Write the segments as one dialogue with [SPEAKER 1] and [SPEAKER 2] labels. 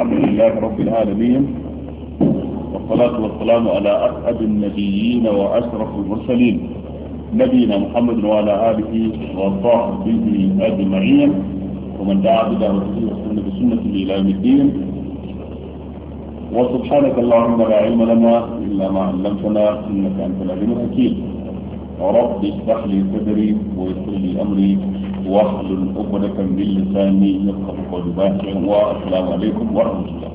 [SPEAKER 1] الحمد لله رب العالمين والصلاة والسلام على أسعد النبيين وأشرف المرسلين نبينا محمد وعلى آله وصحبه أجمعين ومن دعا رسول السنة بسنة إلى يوم الدين وسبحانك اللهم لا علم لنا إلا ما علمتنا إنك أنت العليم الحكيم رب اشرح لي صدري ويسر لي أمري واحلل عقدة من لساني يفقه قولي باكر والسلام عليكم ورحمة الله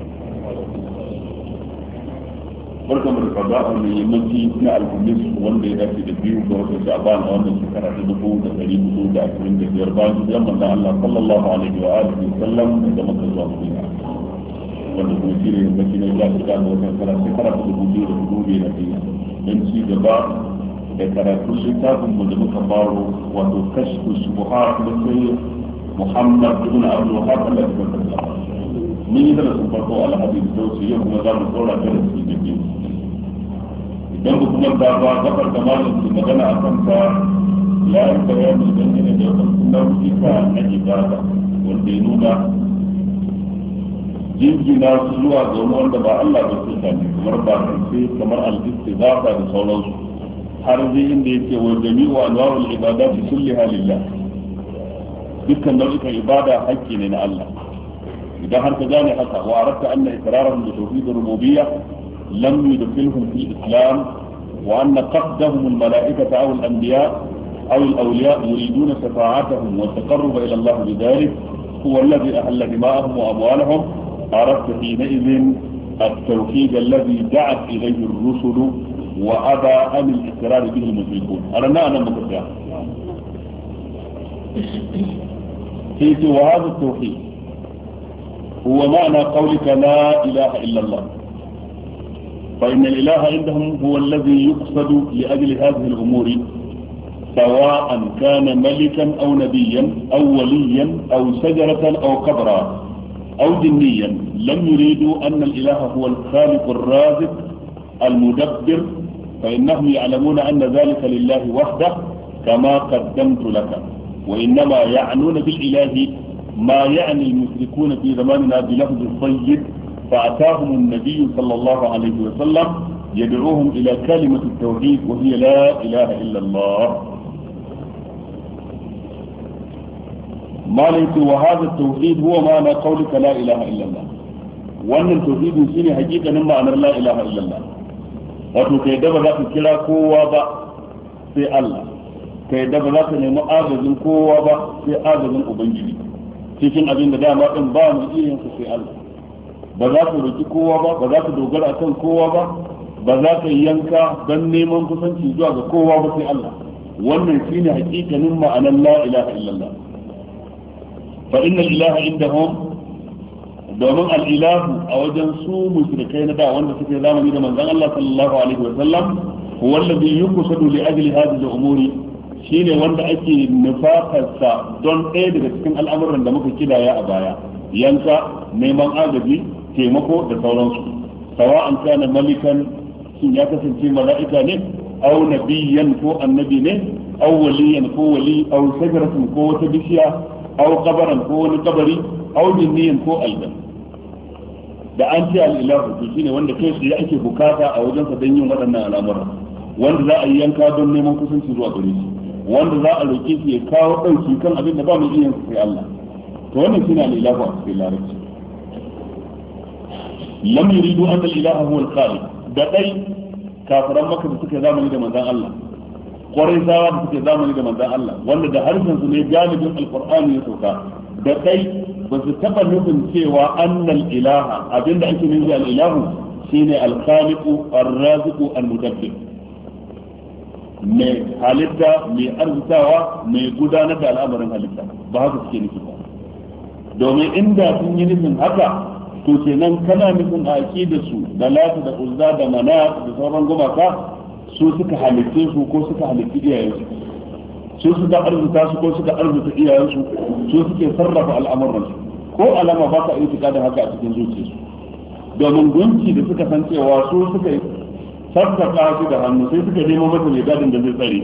[SPEAKER 1] barka mu da kaza a mai yammaci na alhamis wanda ya dace da biyu ga wata sha'ban a wannan shekara ta dubu da dari hudu da ashirin da biyar bayan hijirar manzon Allah sallallahu alaihi wa alihi sallam daga Makka zuwa Madina wanda kuma shi ne yammaci na ya shiga ga wata shekara ta dubu biyu da hudu biyar da biyu don ci gaba da karatun littafin mu da muka faro wato kashfu shubuhat da sai Muhammad ibn Abdul Wahab Allah ya tabbata ni da sun farko alhadith da su yau kuma za mu tsora da su da biyu idan ku kuma ta ba kafar da malam ki magana akan ta ya yi bayani dangane da wasu nau'ika na ibada wanda ya nuna jingina su zuwa ga wanda ba Allah ba su sami kamar ba kamar al-istighfar da sauransu har zai inda yake wa jami'u anwarul ibadati kulliha lillah dukkan nau'ikan ibada hakki ne na Allah idan har ka gane haka wa aratta anna ikrarahum bi tawhid rububiyyah lam yudkhilhum fi islam wa anna qadahum al mala'ikata aw al anbiya aw al awliya yuriduna safa'atahum wa taqarruba ila Allah bi bidhalik huwa alladhi ahalla dima'ahum wa amwalahum aratta fi idhin التوحيد الذي دعت إليه الرسل وأبى أن الإقرار به المشركون أرنا أنا مكتب في هذا التوحيد هو معنى قولك لا إله إلا الله فإن الإله عندهم هو الذي يقصد لأجل هذه الأمور سواء كان ملكا أو نبيا أو وليا أو شجرة أو قبرا أو جنيا لم يريدوا أن الإله هو الخالق الرازق المدبر فإنهم يعلمون أن ذلك لله وحده كما قدمت لك وإنما يعنون بالإله ما يعني المشركون في زماننا بلفظ الصيد فأتاهم النبي صلى الله عليه وسلم يدعوهم إلى كلمة التوحيد وهي لا إله إلا الله ما ليس وهذا التوحيد هو معنى قولك لا إله إلا الله وأن التوحيد شيء حقيقة أمر لا إله إلا الله wato kai da ba za ka kira kowa ba sai Allah kai da ba za ka nemi agajin kowa ba sai agajin ubangiji cikin abin da dama din ba mu iya yin sai Allah ba za ka roki kowa ba ba za ka dogara akan kowa ba ba za ka yanka don neman kusanci zuwa ga kowa ba sai Allah wannan shine hakikanin ma'anar la ilaha illallah fa inna ilaha indahum domin al'ilahu a wajen su mushrikai na da wanda suke zamani da manzan Allah sallallahu alaihi wa sallam huwa alladhi kusa dole ajli hadhihi da umuri shine wanda ake nufafarsa don ɗaya daga cikin al'amuran da muka ya a baya yanka neman agaji taimako da sauransu sawa'an kana malikan shin ya kasance mala'ika ne aw nabiyyan ko annabi ne au waliyan ko wali au shajaratun ko wata bishiya au kabaran ko wani kabari au jinniyan ko aljan da an ce al'ilahu to shine wanda kai tsaye ake bukata a wajen sa don yin waɗannan al'amura wanda za a yi yanka don neman kusanci zuwa gare shi wanda za a roƙe shi ya kawo ɗauki kan abin da ba mai iya sai Allah to wannan shine al'ilahu a cikin larabci lam yuridu an al'ilahu huwa al-khaliq da dai kafiran maka da suke zamani da manzon Allah ƙwarai sawa da suke zamani da manzon Allah wanda da harshen su ne galibin alqur'ani ya sauka da dai ba su taba nufin cewa annal ilaha abinda ake nufi al ilahu shine al khaliqu ar raziqu al mudabbir mai halitta mai arzikawa mai gudanar da al'amarin halitta ba haka suke nufi ba domin inda sun yi nufin haka to kenan kana nufin a da su da lati da uzza da mana da sauran gumaka su suka halitte su ko suka halitti iyayen su su suka arzuta su ko suka arzuta iyayensu su suke sarrafa al'amuransu ko alama ba ka iya da haka a cikin zuciyarsu domin gunki da suka san cewa su suka sassaka su da hannu sai suka nemo masa mai gadin da zai tsare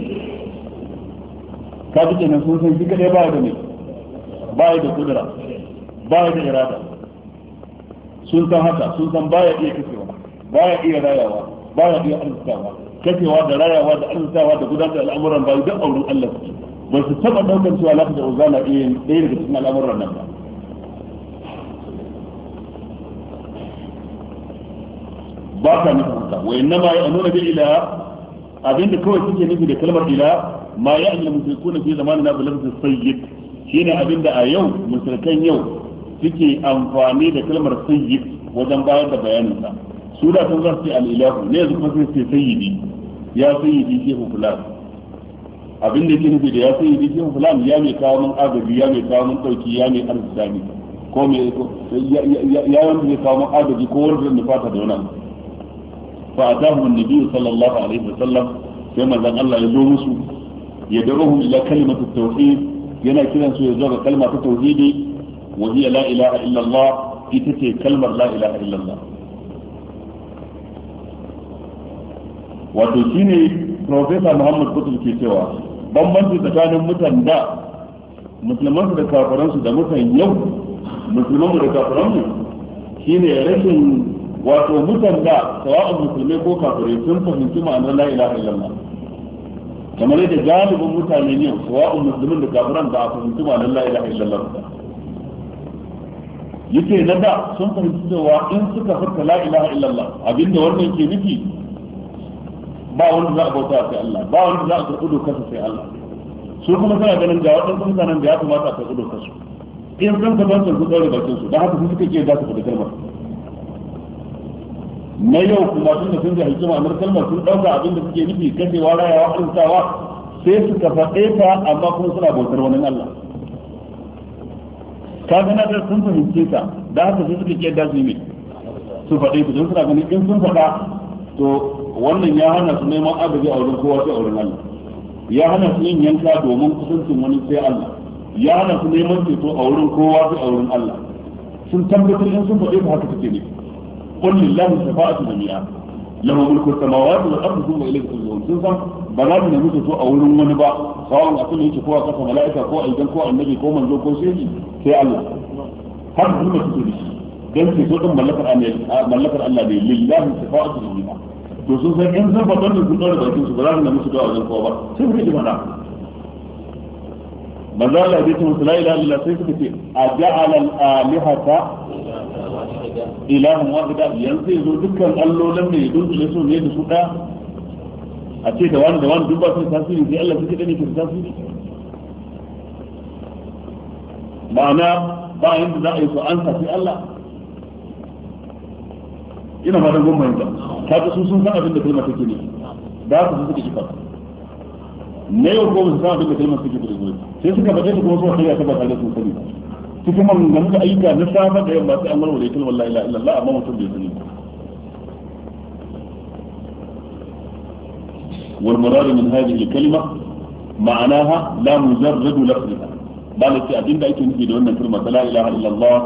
[SPEAKER 1] ka ji kenan sun san shi kadai baya da mai baya da kudura baya da irada sun san haka sun san baya iya kashewa baya iya rayawa baya iya arzikawa kafewa da rayawa da arzikawa da gudanar da al'amuran bayu duk auren Allah su ba su taɓa ɗaukar cewa lafi da uzana iya ɗaya daga cikin al'amuran nan ba ba ta nufin haka wa inna ma ya nuna bi ila abinda kawai suke nufi da kalmar ila ma ya amina kuna fi zamanin na bulafin sayyid shine abinda a yau mushrikan yau suke amfani da kalmar sayyid wajen bayar da bayanin sa su da sun zarce al'ilahu ne yanzu kuma sai ce sayyidi ya sayyidi shehu fulan abin da ke nufi da ya sayyidi shehu fulan ya mai kawo min agaji ya mai kawo min dauki ya mai arziki ne ko mai ya wanda mai kawo min agaji ko wanda zan fata da wani fa atahu annabi sallallahu alaihi wasallam sai manzon Allah ya zo musu ya daruhum ila kalimatu tauhid yana kiran su ya zo ga kalma ta tauhidi wa hiya la ilaha illallah ita ce kalmar la ilaha illallah wato shine Profesa Muhammad Kutub ke cewa bambanci tsakanin mutan da musulman da kafaransu da mutan yau musulman da kafaransu, shi shine rashin wato mutan da sawa'un musulmai ko kafirai sun fahimci ma'anar la ilaha illallah kamar yadda galibin mutane ne sawa'un musulmin da kafiran ba a fahimci ma'anar la ilaha illallah yake na da sun fahimci cewa in suka furta la ilaha illallah abinda wannan ke nufi ba wanda za a bauta sai Allah ba wanda za a karɓi dokarsa sai Allah su kuma suna ganin ga waɗansu mutanen da ya kamata a karɓi dokarsu in sun ka bansu su ɗaure bakin su don haka su suka ke za su faɗi kalmar na yau kuma tun da sun ga hikima na kalmar sun ɗauka abin da suke nufi kashewa rayawa arzikawa sai suka faɗe ta amma kuma suna bautar wani Allah ka ga na sun fahimce ta da haka su suka ke da su yi su faɗe ta don suna ganin in sun faɗa to wannan ya hana su neman agaji a wurin kowa sai a wurin Allah ya hana su yin yanka domin kusancin wani sai Allah ya hana su neman ceto a wurin kowa sai a wurin Allah sun tabbatar in sun faɗe haka take ne qul lillahi shafa'atu jami'a lahu mulku samawati wal ardi thumma ilayhi turja'un sun san ba za mu nemi ceto a wurin wani ba sawan a kullu yake kowa kafa mala'ika ko aljan ko annabi ko manzo ko sheji sai Allah har kuma su da shi dan ceto din mallakar Allah ne lillahi shafa'atu jami'a to sun san in sun da bakin su ba za su nemi su wajen kowa ba sai mana manzo Allah ya ce musu la ilaha illallah sai suka ce a ja'ala al-alihata wahida yanzu yazo dukkan allolin ne su ne da su a ce da wani da wani duk ba su tasiri sai Allah suke ke tasiri ma'ana ba yanda za a yi su ansa sai Allah ina ma dan gumma yanzu kaga su sun san abin da kalmar take ne da su suke kifa ne yau ko sun san abin da kalmar take da gobe sai suka faɗe su kuma su kai ta ba tare sun sani cikin maganganu da ayyuka na safa da yamma sai an warware wallahi la ilaha illallah amma mutum bai sani والمراد من هذه الكلمة معناها لا مجرد لفظها بل abin da ake nufi da wannan kalma la ilaha illallah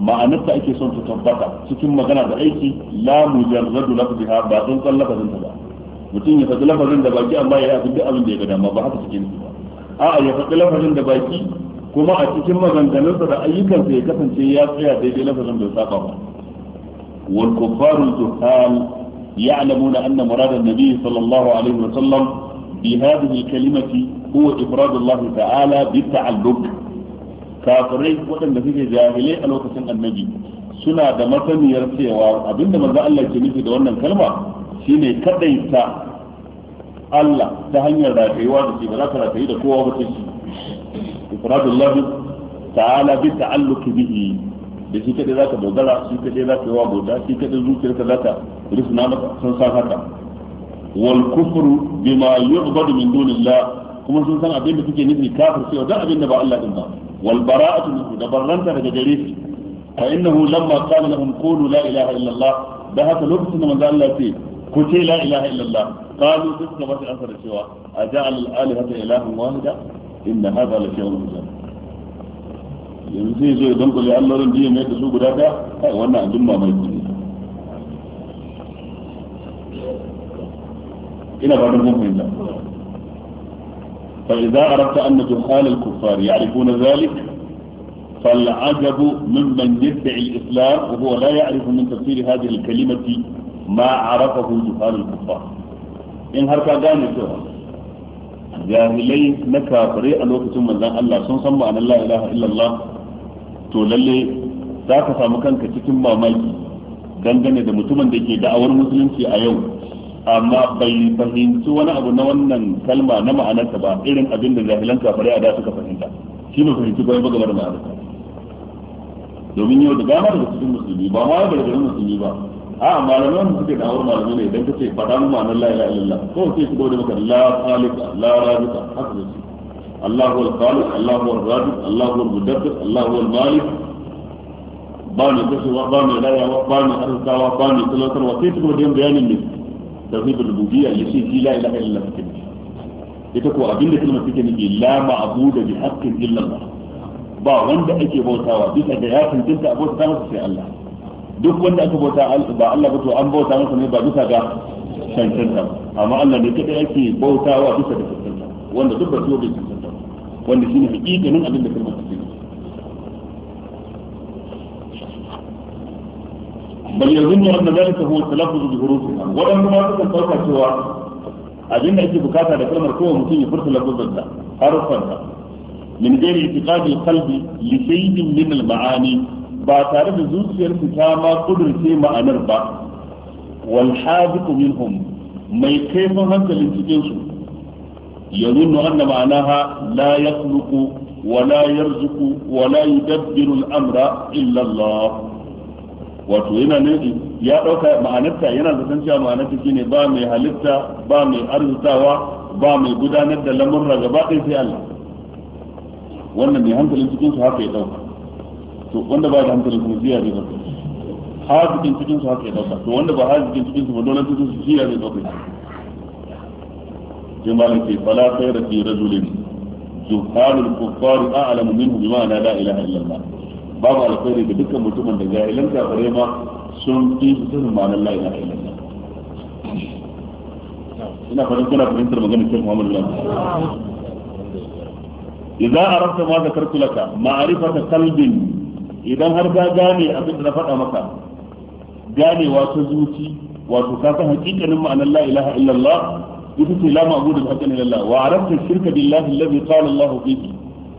[SPEAKER 1] ma'anarta ake son ta tabbata cikin magana da aiki la mujarradu lafziha ba sun san lafazin ta ba mutum ya faɗi lafazin da baki amma ya yi abin duk abin da ya ga dama ba haka cikin su ba a'a ya faɗi lafazin da baki kuma a cikin maganganunsa da ayyukansa ya kasance ya tsaya daidai lafazin bai saba ba wal kuffaru zuhal ya'lamuna anna murada an nabi sallallahu alaihi wa sallam bi hadhihi al-kalimati huwa ifradu Allah ta'ala bi ta'alluq kafirai waɗanda suke jahilai a lokacin annabi suna da masaniyar cewa abinda manzo Allah ke nufi da wannan kalma shine kadaita Allah ta hanyar rayuwa da shi ba za ka rayu da kowa ba sai shi ifradullah ta'ala bi ta'alluq bihi da shi kadai zaka dogara shi kadai zaka yi wa bauta shi kadai zuciyarka zaka risna maka san san haka wal kufru bima yu'badu min dunillah kuma sun san abin da suke nufi kafir sai da abin da ba Allah din ba wal bara'atu minhu da barranta daga gare shi fa da haka lokacin da manzo Allah ce ku ce la ilaha illa Allah qalu duk da bashi ansar cewa aja'al yanzu zai zo ya mai da su guda kai wannan abin ina ba don mun fahimta فإذا أردت أن جهال الكفار يعرفون ذلك فالعجب ممن يدعي الإسلام وهو لا يعرف من تفسير هذه الكلمة ما عرفه جهال الكفار إن هركا قاني سوى جاهلي نكافري الوقت من ذا الله سنصم أن لا إله إلا الله تولي za فمكان كتتم kanka cikin mamaki dangane متمن mutumin دعوة المسلمين في أيوم amma bai fahimci wani abu na wannan kalma na ma'anarta ba irin abin da jahilan kafare a da suka fahimta shi ne fahimci bayan buga da ma'anarta domin yau da dama daga cikin musulmi ba ma daga cikin musulmi ba a malaman da suke da'awar malamai ne idan kace faɗa mu ma'anar la ilaha illallah ko sai su gode maka la khaliqa la raziqa haka ne Allahu al khaliq Allahu ar raziq Allahu al mudabbir Allahu al malik ba ne wa ba ne wa ba ne arzawa ba ne talatarwa sai su gode bayanin ne tauhidul rububiyya yace shi la ilaha illallah take nufi ita ko abinda kuma take nufi la ma'budu bi haqqin illallah ba wanda ake bautawa bisa ga ya tuntunta a bauta masa sai Allah duk wanda aka bauta ba Allah ba to an bauta masa ne ba bisa ga cancanta amma Allah ne kadai ake bautawa bisa da cancanta wanda duk ba su bai cancanta wanda shine hakikanin abinda kuma take بل يظن ان ذلك هو التلفظ بحروف ولم نمارس الفرق سوى اجن ايتي بكاتا لكلمة كوه مسيني فرص لفظ الدا حرفا من غير اعتقاد القلب لشيء من المعاني باتارد زوس يرسكاما قدر سيما انربا والحاذق منهم ما يكيف هنك الانتجنسو يظن ان معناها لا يخلق ولا يرزق ولا يدبر الامر الا الله wato yana nan ya ɗauka ma'anarta yana zaton cewa ma'anarta shine ba mai halitta ba mai arzutawa ba mai gudanar da lamurra gaba ɗaya sai Allah wannan mai hankalin cikin su haka ya dauka to wanda ba da hankalin kuma ziya zai dauka hazikin cikin su haka ya dauka to wanda ba hazikin cikin su ba dole cikin su ziya zai dauka sai malam ce fala da fi rajulin juhalul kuffar a'lamu minhu bima la ilaha illa Allah babu alkhairi da dukkan mutumin da jahilan kafare ma sun fi sanin ma'anar la ilaha illallah ina fatan kuna fahimtar maganar Sheikh Muhammad bin idan arabta ma zakartu laka ma'rifata kalbin idan har ka gane abin da na faɗa maka gane ta zuci wato ka san hakikanin ma'anar la ilaha illallah ita ce la ma'budu haqqan illallah wa arabta shirka billahi alladhi qala Allah fihi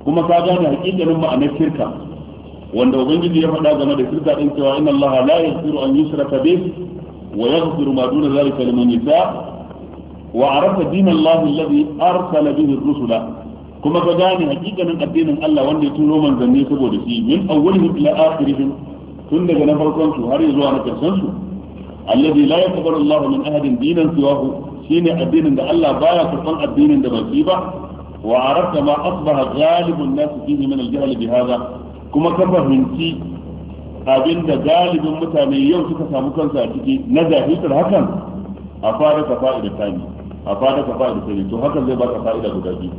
[SPEAKER 1] kuma ka gane hakikanin ma'anar shirka wanda ubangiji ya faɗa game da shirka din cewa inna allaha la yaghfiru an yushraka bih wa yaghfiru ma duna dhalika liman yasha wa arafa din allahi alladhi arsala bihi ar-rusula kuma ka gane hakikanin addinin Allah wanda ya turo manzanni saboda shi min awwalihim ila akhirihim tun daga na farkon su har zuwa na karshen su alladhi la yaqbalu Allahu min ahadin dinan siwahu shine addinin da Allah baya karban addinin da baki ba wa arafta ma asbaha ghalibun nas fihi min al-jahl bi hadha kuma ka fahimci abin da galibin mutane yau suka samu kansu a ciki na jahiltar hakan a fara ka fa'ida tani a fara ka fa'ida tani to hakan zai baka fa'ida guda biyu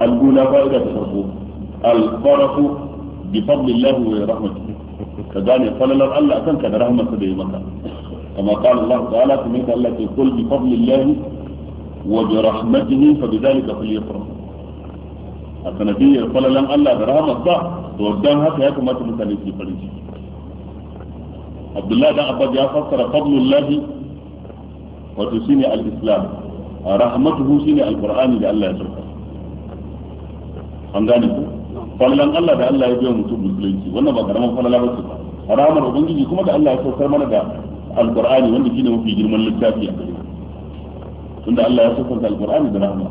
[SPEAKER 1] al-ula fa'ida ta farko al-farahu bi fadlillah wa rahmatihi ka gane falalar Allah akan ka da rahmatsa da yi maka kama qala Allah ta'ala kuma Allah ke kul bi fadlillah wa bi rahmatihi fa bi dhalika falyafrahu a sanadiyar falalan Allah da ba to dan haka ya kamata mutane su farin ciki Abdullahi dan Abbas ya fassara fadlullah wato shine al-islam rahmatuhu shine al-qur'ani da Allah ya sauka an gane ku falalan Allah da Allah ya biya mutum musulunci wannan ba karaman falala ba ce ba rahamar ubangiji kuma da Allah ya saukar mana da al-qur'ani wanda shine mafi girman littafi a gare tunda Allah ya saukar da al-qur'ani da rahama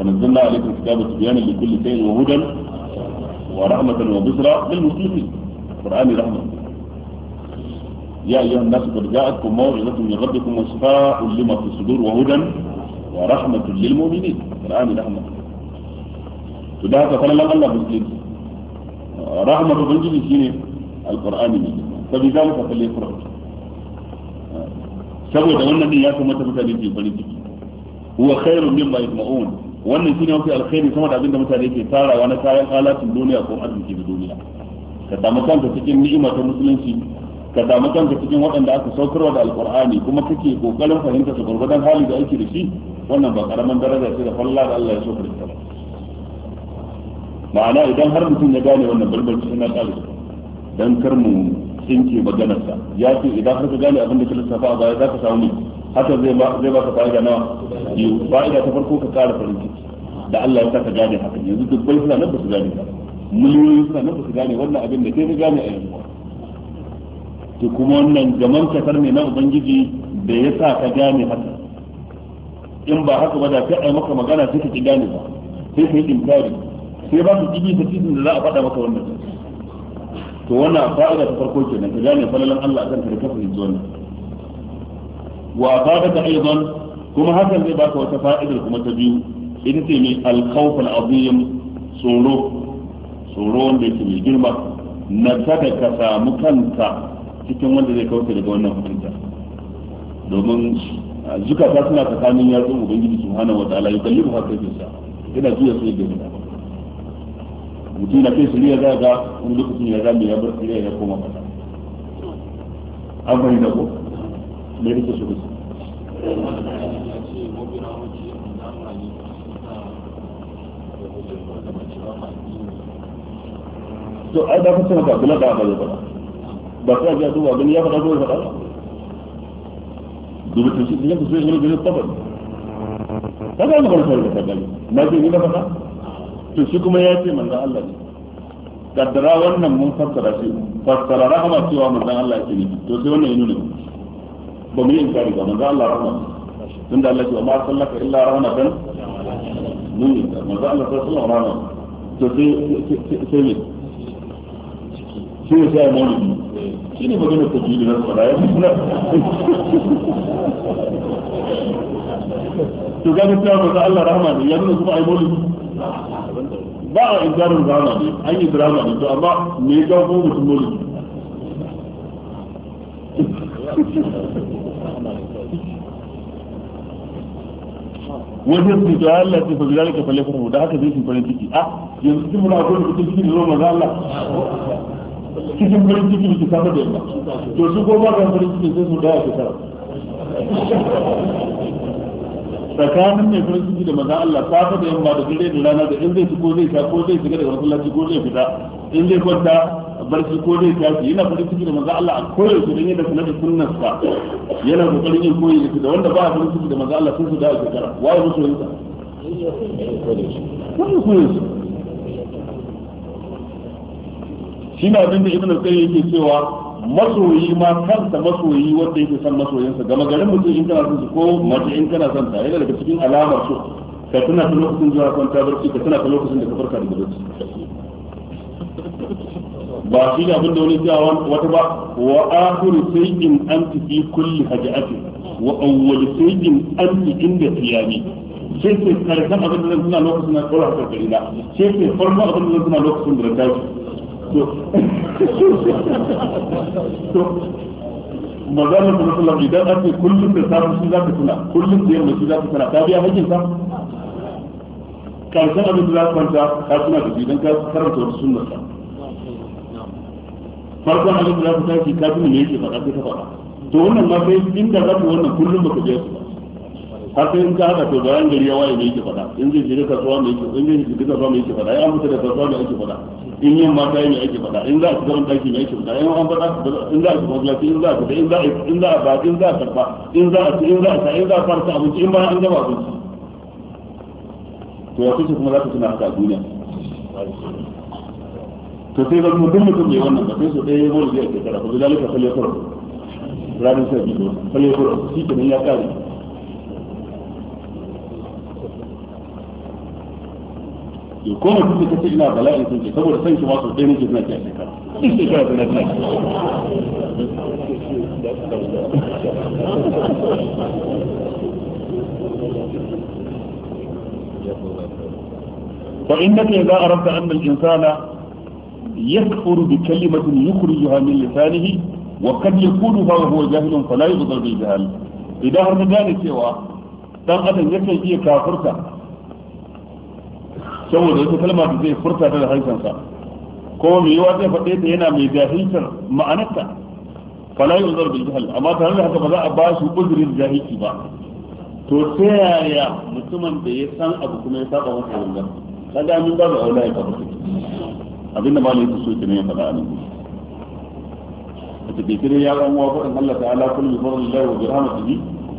[SPEAKER 1] ونزلنا عليكم كتاب تبيانا لكل شيء وهدى ورحمة وبشرى للمسلمين القرآن رحمة يا أيها الناس قد جاءتكم موعظة من ربكم وشفاء لما في الصدور وهدى ورحمة للمؤمنين القرآن رحمة فده لنا الله مسلم رحمة بنجي شيء القرآن فبذلك فليفرح saboda سوى دولنا ya kuma mutane ke هو خير مما khairun wannan shine mafi alkhairi sama da abinda mutane ke tarawa na kayan alatin duniya ko arziki da duniya ka damu kanka cikin ni'ima ta musulunci ka damu kanka cikin waɗanda aka saukarwa da alkur'ani kuma kake kokarin fahimta su gurgurdan hali da ake da shi wannan ba karaman daraja ce da falla da Allah ya so kirista ba ma'ana idan har mutum ya gane wannan barbarci suna tsari dan kar mu tsinke maganarsa ya ce idan har ka gane abin da ka lissafa a baya za ka samu hakan zai ba zai baka fa'ida nawa biyu fa'ida ta farko ka kara farin ciki da Allah ya saka gane hakan yanzu dubbai suna nan ba su gane ba miliyoyin suna nan ba su gane wannan abin da kai ka gane a yanzu to kuma wannan gaman kasar ne na ubangiji da ya sa ka gane haka in ba haka ba da sai ai maka magana sai ka ki gane ba sai ka yi inkari sai ba su kibi ta titin da za a faɗa maka wannan to wannan fa'ida ta farko kenan ka gane falalan Allah akan ka da kafin zuwa wa asabaka aidan kuma hakan zai baka wata fa'idar kuma ta biyu ita ce mai alkhawf al'azim tsoro tsoro wanda girma na kada samu kanka cikin wanda zai kauce daga wannan hukunta domin zukata suna tsakanin yatsun ubangiji subhanahu wa ta'ala yukallibu haka yake sa yana juya sai ga gida mutum na kai shirya za ga wani lokacin ya zame ya bar ya koma fata an da ko me kake so to ai da kusa maka abdullahi da ba da ba sai ga duba gani ya faɗa ko ya faɗa to shi ne ku sai gani tabar ta ga ba farko da gani na ce ni ba faɗa to shi kuma ya ce manzon Allah ne kaddara wannan mun fassara shi fassara rahama cewa manzon Allah ya ce to sai wannan ya nuna ba mu yi inkari ba manzo Allah rahma tunda Allah ya ma sallaka illa rahmatan mun yi manzo Allah sallallahu alaihi wasallam to sai sai ne shi ne sai mu shi ne magana ta biyu da su da ya to ga mutum manzo Allah rahma ne ya nuna kuma ai maulidi ba a inkarin rahma ne an yi drama ne to amma me ya kawo mutum maulidi
[SPEAKER 2] wajen su ta Allah ce fabi
[SPEAKER 1] bi falle fa da haka zai shi farin ciki a ah, yanzu kin muna ko cikin cikin zo manzo Allah cikin farin ciki ki saba da Allah to su ko ba ga farin ciki sai su da ka tara tsakanin mai farin ciki da manzo Allah safa da yamma da dare da rana da in zai ci ko zai sha ko zai shiga daga masallaci ko zai fita in zai kwanta barci ko zai tashi yana farin ciki da maza Allah a koyaushe dan yadda kula da sa yana kokarin yin koyi da wanda ba a farin ciki da maza Allah sun su da a shekara waye musu yin sa
[SPEAKER 2] wani koyi su
[SPEAKER 1] shi na abin da ibnu qayyim yake cewa masoyi ma kansa masoyi wanda yake son masoyinsa gama garin mutum in kana son su ko mace in kana son ta yana daga cikin alamar su ka tuna ta lokacin zuwa kwanta barci ka tuna ta lokacin da ka farka daga barci ba shi ne abin da wani cewa wata ba wa akhiru sayyidin anti fi kulli hajati wa awwal sayyidin anti inda tiyami sai ke karshen abin da zan suna lokacin na tsora ta gari na sai ke farko abin da zan suna lokacin da ta to to magana da sallallahu idan ake kullum da safe shi zaka tuna kullum da yamma shi zaka tuna ta biya hakkin sa karshen abin da za ka kwanta ka suna da jidan don ka karanta wasu sunan sa farkon abin da za ka tashi ka tuna me yake faɗa sai ka faɗa to wannan ma sai inda za ka wannan kullum baka biya su ba har sai in ka haka to bayan gari ya waye me yake faɗa in zai shiga kasuwa me yake in zai shiga kasuwa me yake faɗa ya fita da kasuwa me yake faɗa in yin mata me yake faɗa in za a fita ɗaki me yake faɗa in an faɗa in za a fita masallaci in za a fita in za a in za a ba in za a karba in za a ci in za a sa in za a fara abinci in ba an gama abinci to ya kusa kuma za ku tuna haka a duniya to sai kuma duk mutum mai wannan ba sai su ɗaya yawon zai a shekara ba zai lalata falle kuro ranar sai biyu falle kuro shi kenan ya ƙare
[SPEAKER 2] ya koma duk da ina bala'in sun ce saboda san shi ma sau ɗaya
[SPEAKER 1] nake suna ce a shekara duk shekara
[SPEAKER 2] suna ce
[SPEAKER 1] فإنك إذا أردت أن الإنسان يكفر بكلمة يخرجها من لسانه وقد يقولها وهو جاهل فلا يغضر بالجهل إذا أردت ذلك سوى dan adam yakan iya kafirta saboda wata kalma zai furta da harshensa ko mai yiwa zai faɗe ta yana mai jahilcin ma'anarta fala yuzar bil jahl amma tare da haka ba za a ba shi ba
[SPEAKER 2] to ta yaya
[SPEAKER 1] mutumin da ya san abu kuma ya saba masa wanda kaga mun ba aula ya kafa abin da malai so kenan ya faɗa anan ta kire ya ran wa fa Allah ta'ala kullu fadli Allah wa birahmatihi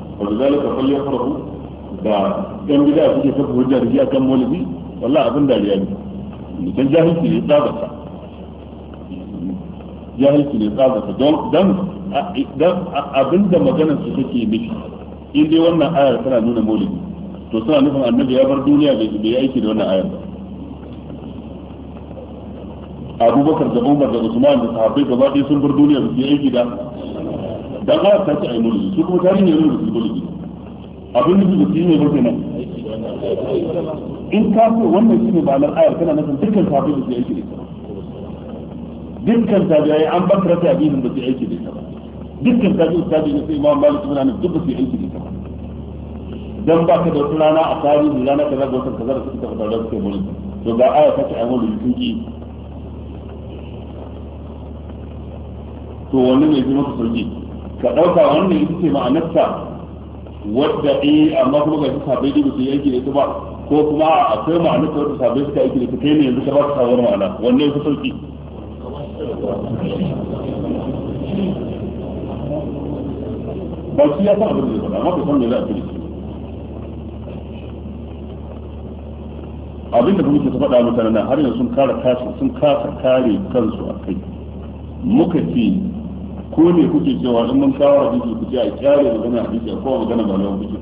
[SPEAKER 1] wa bidhalika falyafrahu da dan bid'a suke kafa hujja da a kan maulidi wallahi abin da riya ne dan jahilci ne tsabata jahilci ne tsabata don dan abinda maganar su take nufi in dai wannan ayar tana nuna maulidi to suna nufin annabi ya bar duniya bai bai aiki da wannan ayar ba abubakar da umar da usman da sahabbai gaba ɗaya sun bar duniya bai aiki da dan ayar ta ci ai maulidi su kuma tarihin yanzu da su maulidi abin da su yi ne ba kenan in ka so wannan ba ma'anar ayar tana nufin dukkan sahabbai da su aiki da ita dukkan tabi'ai an bar tarafi abin da su aiki da ita dukkan kaji da kaji ne sai imam malik ibn anas duk su aiki da ba dan baka da wata rana a tarihi rana kaza ga wata kaza da suka fada da suke mulki to ga aya ta ce a wani tunki to wannan ne zai maka sauki ka dauka wannan ita ce ma'anarsa wadda eh amma kuma ga shi sabai da su aiki ne ita ba ko kuma a akwai ma'anarsa wadda sabai suka aiki ne ita kai ne yanzu ka ba su sabuwar ma'ana wannan ya fi sauki ba ya san abin da ya faɗa amma bai san da za a ce shi abin da muke ta faɗa mutane nan har yanzu sun kara tashi sun kasa kare kansu a kai muka ce ko ne kuke cewa in mun kawo hadisi ku ce a da magana hadisi a kowa magana ba lawan kuke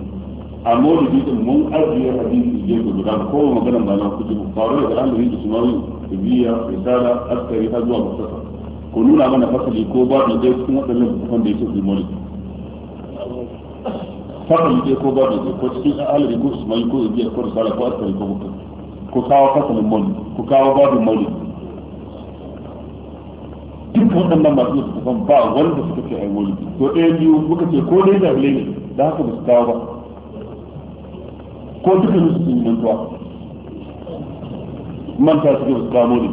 [SPEAKER 1] amma da bitin mun ajiye hadisi je ku guda ko magana ba lawan kuke faru da al'amari da biya tabiya risala askari har zuwa mustafa ku nuna mana fasali ko ba da dai cikin waɗannan da ya ce su mulki kwanan ke ko babu ɗaya ko cikin alibi ko ismail ko ibiya ko risala ko askari ko bukka ku kawo fasalin mali ku kawo babu mali duk waɗannan masu yi su ba wanda suka ce ai wani to ɗaya biyu muka ce ko dai da ne da haka ba su kawo ba ko duka su sun yi mantuwa manta suke ba su kawo mali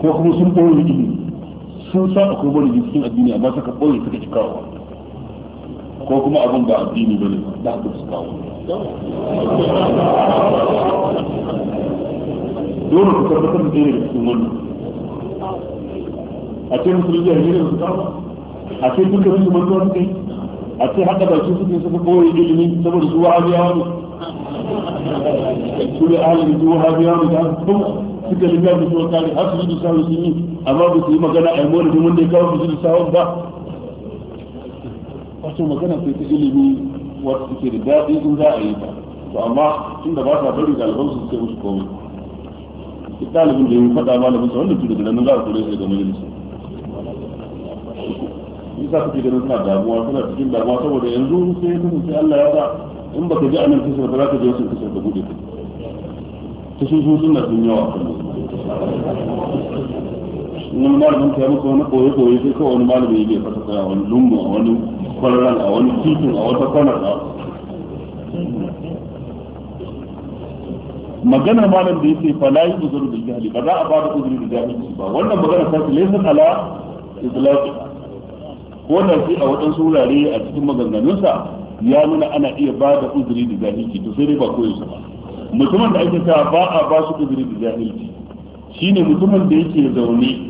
[SPEAKER 2] ko kuma sun ɓoye
[SPEAKER 1] ilimi sun san akwai wani cikin addini amma suka ɓoye suka ci kawo ko kuma abin ba addini ba ne da haka su kawo
[SPEAKER 2] dole ku
[SPEAKER 1] tabbatar da ɗaya su mun a ce musulun da su kawo a ce duka su mantuwa su kai a ce haka haɗa su suke suka koyi ilimi saboda su wahabiyawa ne su ne ahalin su wahabiyawa ne da su kuma suka liga da su wata ne har su yi da samun sun yi amma ba su yi magana a yi mawani da ya kawo su
[SPEAKER 2] yi da samun ba
[SPEAKER 1] wato magana sai ta ilimi wata suke da daɗi in za a yi ta to amma tun da ba ta bari ɗaliban su sai musu komai duk ɗalibin da ya yi faɗa da sa wanda su da nan za a kore sai ga majalisa yasa suke ganin suna damuwa suna cikin damuwa saboda yanzu sai ya kasance Allah ya sa in baka ji anan kasar ba za ka je wasu kasar ka gude ta shi sun suna sun yawa in wani malamin ta musu wani koyo koyo sai kawai wani malami yake fata koya wani lungu a wani kwararan a wani titin a wata kwanar ba maganar malam da yake fa la yi da bil jahli ba za a bada uzuru bil jahli ba wannan magana ta ce laifin ala itlaqi
[SPEAKER 2] ko da shi a waɗansu
[SPEAKER 1] wurare a cikin maganganunsa ya nuna ana iya ba da uzuri da jahilci to sai dai ba koyaushe ba mutumin da ake sa ba a ba su uzuri da jahilci shine mutumin da yake zaune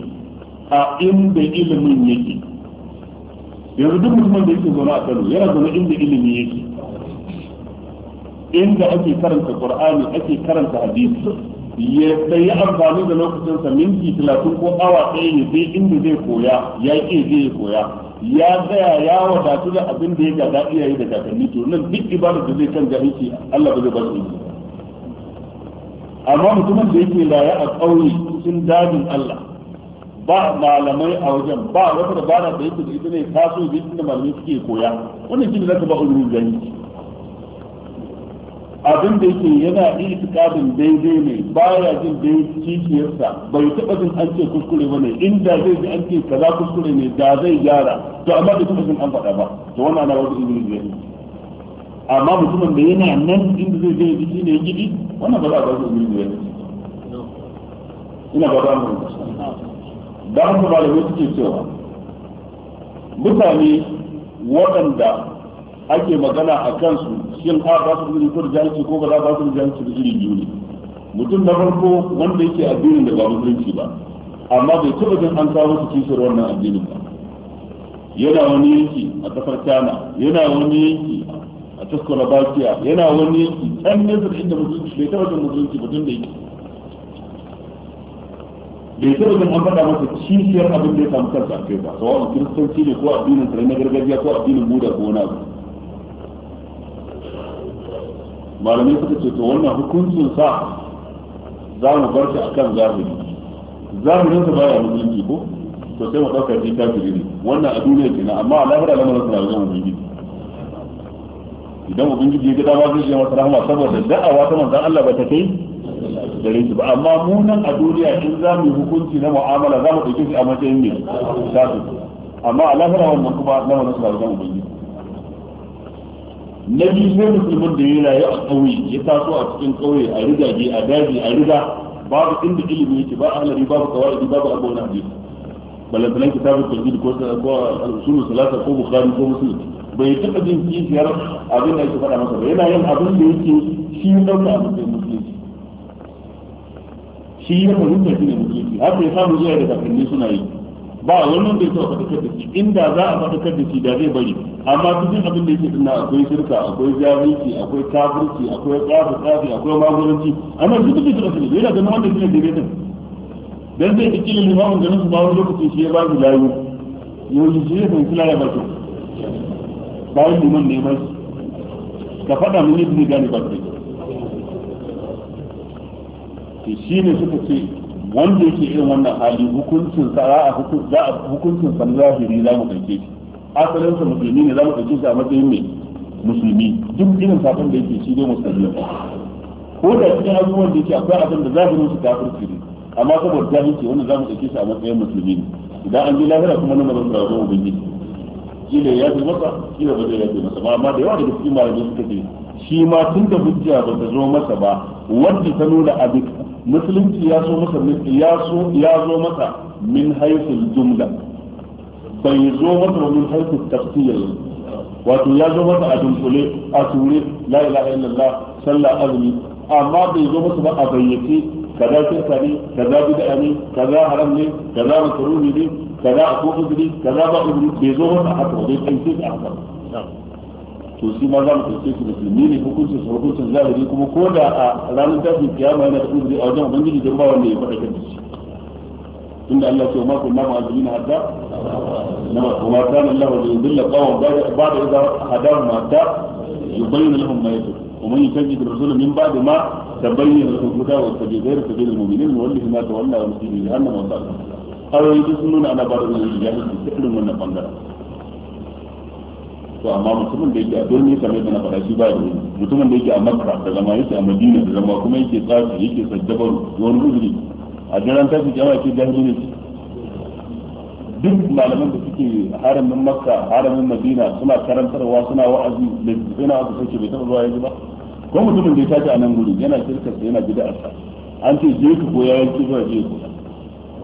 [SPEAKER 1] a inda ilimin yake yanzu duk mutumin da yake zaune a Kano yana zaune inda ilimin yake inda ake karanta Qur'ani ake karanta hadisi ya tsaye amfani da lokacinsa minti talatin ko awa ɗaya ya je inda zai koya ya ke je ya koya ya tsaya ya wadatu da abin da ya gada iyaye da kakanni to nan duk ibadar da zai canja aiki Allah ba zai ba shi amma mutumin da yake laya a ƙauye cikin dadin Allah ba malamai a wajen ba wata da bana da yake da ita ne taso da malamai suke koya wannan shine zaka ba ulul gani abin da yake yana itikadin daidai ne baya jin dai kishiyarsa bai taba jin an ce kuskure ba ne inda zai ji an ce kaza kuskure ne da zai gyara to amma bai kuma jin an faɗa ba to wannan ana wata ulul gani amma mutumin da yana nan inda zai je ya ji ne ya gidi wannan ba za a ba su ulul gani ina ba za mu da haka malamai suke cewa mutane waɗanda ake magana a kansu shi a ba su da ko da jahilci ko ba za ba su da jahilci da irin biyu ne mutum na farko wanda yake addinin da ba musulunci ba amma bai taɓa jin an kawo su kishiyar wannan addinin ba yana wani yanki a kasar china yana wani yanki a czechoslovakia yana wani yanki can nesa da inda musulunci bai taɓa jin musulunci ba tun da yake bai taɓa jin an faɗa masa kishiyar abin da ya samu kansa a kai ba a kiristanci ne ko addinin sarai na gargajiya ko addinin buda ko wani abu malamai suka ce to wannan hukuncin sa za mu bar shi akan zahiri zahirin sa baya musulunci ko to sai mu ɗaukar shi kafiri ne wannan a duniya kenan amma a lahira lamarin su na zama ubangiji idan ubangiji ya ga dama zai yi masa rahama saboda da'awa ta manzan Allah ba ta kai gare su ba amma mu nan a duniya in za mu yi hukunci na mu'amala za mu ɗauke shi a matsayin ne kafin amma a lahira wannan kuma na wani suna wajen ubangiji na biyu sai musulmin da ya yi a ƙauye ya taso a cikin ƙauye a rigaje a daji a riga babu inda ilimi yake ba ahlari babu kawai babu abu wani hadisi balantana kitabun tauhid ko sunu salasa ko bukhari ko muslim bai taɓa jin kishiyar abin da ake faɗa masa ba yana yin abin da yake shi ɗauka a matsayin shi ya fahimta shi ne musulunci ya samu zuwa da kakanni suna yi ba wannan da ya faɗakar da shi inda za a da shi da zai bari amma cikin abin da yake dinna akwai shirka akwai jahilci akwai kafirci akwai tsafi tsafi akwai amma duk da yana ganin wanda shi ne daidai din dan zai kila limamin ganin su ma wani lokaci shi ya ba layu shi ya fahimci laya ba bayan liman ne ba ka faɗa gane ba to ne suka ce wanda yake irin wannan hali hukuncin sa za a hukuncin sa zahiri za mu ɗauke shi asalin sa musulmi ne za mu ɗauke shi a matsayin mai musulmi duk irin sabon da yake shi dai musulmi ko da cikin abubuwan da yake akwai abin da zahirin shi kafirci ne amma saboda jahilci wanda za mu ɗauke shi a matsayin musulmi ne idan an ji lahira kuma nan ba za mu ubangiji kila ya fi masa kila ba zai ya fi masa ba amma da yawa daga cikin malamai suka ce shi ma tun da hujja ba ta zo masa ba wanda ta nuna abin musulunci ya zo masa ya zo ya zo masa min haythul jumla bai zo masa min haythul tafsir wato ya zo masa a dunkule a ture la ilaha illallah sallah azumi amma bai zo masa ba a bayyace kaza shirka ne kaza bid'a ne kaza haram ne kaza makruhi ne kaza akwai uzuri kaza ba uzuri bai zo masa haka ba bai kai shi a haka to shi ma za mu ɗauke shi musulmi ne hukuncin su hukuncin zahiri kuma ko da a ranar tashin kiyama yana da uzuri a wajen ubangiji don ba wanda ya faɗa kan shi tunda Allah ce ma kunna mu'azzibin hatta na wa kana Allah wa yudilla qawm ba'da idza hadahu ma hatta yubayyin lahum ma yatu wa man yukadzib rasul min ba'd ma tabayyana lahu huda wa tabi ghayra sabil mu'minin wa allahu ma tawalla wa nusibih jahannam wa sa'at ayoyi sun nuna ana ba da wani jahilci cikin wannan bangaren to amma mutumin da yake a birni kamar yadda na faɗa shi ba da wuri mutumin da yake a makka da zama yake a madina da zama kuma yake tsafi yake sajjabar wani uzuri a jiran tafi jama'a ke jahili duk malaman da suke haramin makka haramin madina suna karantarwa suna wa'azi da suna wasu sauke bai taɓa zuwa yanzu ba ko mutumin da ya tashi a nan guri yana shirkar sa yana gida a sa an ce je ka koya yanki zuwa je ka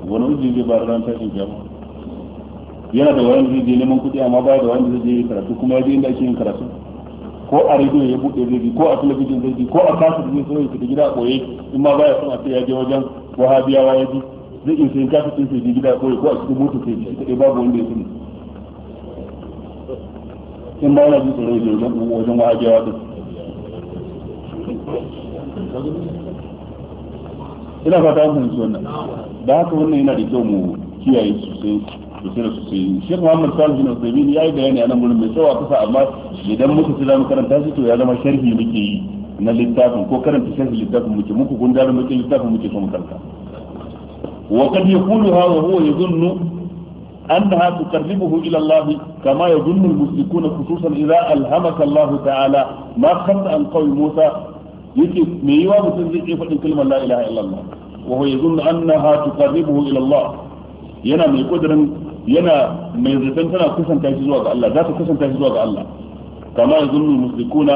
[SPEAKER 1] wani uzuri zai ba ran tashin jama'a yana da wayan zai je neman kuɗi amma baya da wayan zai je karatu kuma ya je inda ake yin karatu ko a rediyo ya buɗe zai ko a talabijin zai ji ko a kasar zai so ya fita gida a ɓoye in ma baya son a ce ya je wajen wahabiyawa ya ji zai iya sayin kasar sai je gida a ɓoye ko a cikin mota sai ji kaɗai babu wanda ya sani in ba yana jin tsoro ya je wajen wahabiyawa ɗin ina fata an fahimci wannan da haka wannan yana da kyau mu kiyaye sosai to sai su ce shi Muhammad Salihu bin Uthaymeen yayi bayani a nan gurin mai tsawa kusa amma idan muka ci zamu karanta shi to ya zama sharhi muke yi na littafin ko karanta sharhi littafin muke muku gundar muke littafin muke so mu karanta wa kad yaquluha wa huwa yadhunnu annaha tuqarribuhu ila Allah kama yadhunnu al الله khususan idha alhamaka Allah ta'ala ma الله an qawl Musa yake mai موسى mutum zai متنزيك فإن kalmar la ilaha illallah wa huwa yadhunnu annaha tuqarribuhu ila Allah yana mai قدر yana mai zaton tana kusanta shi zuwa ga Allah za ta kusanta shi zuwa ga Allah kama ya zunnu musrikuna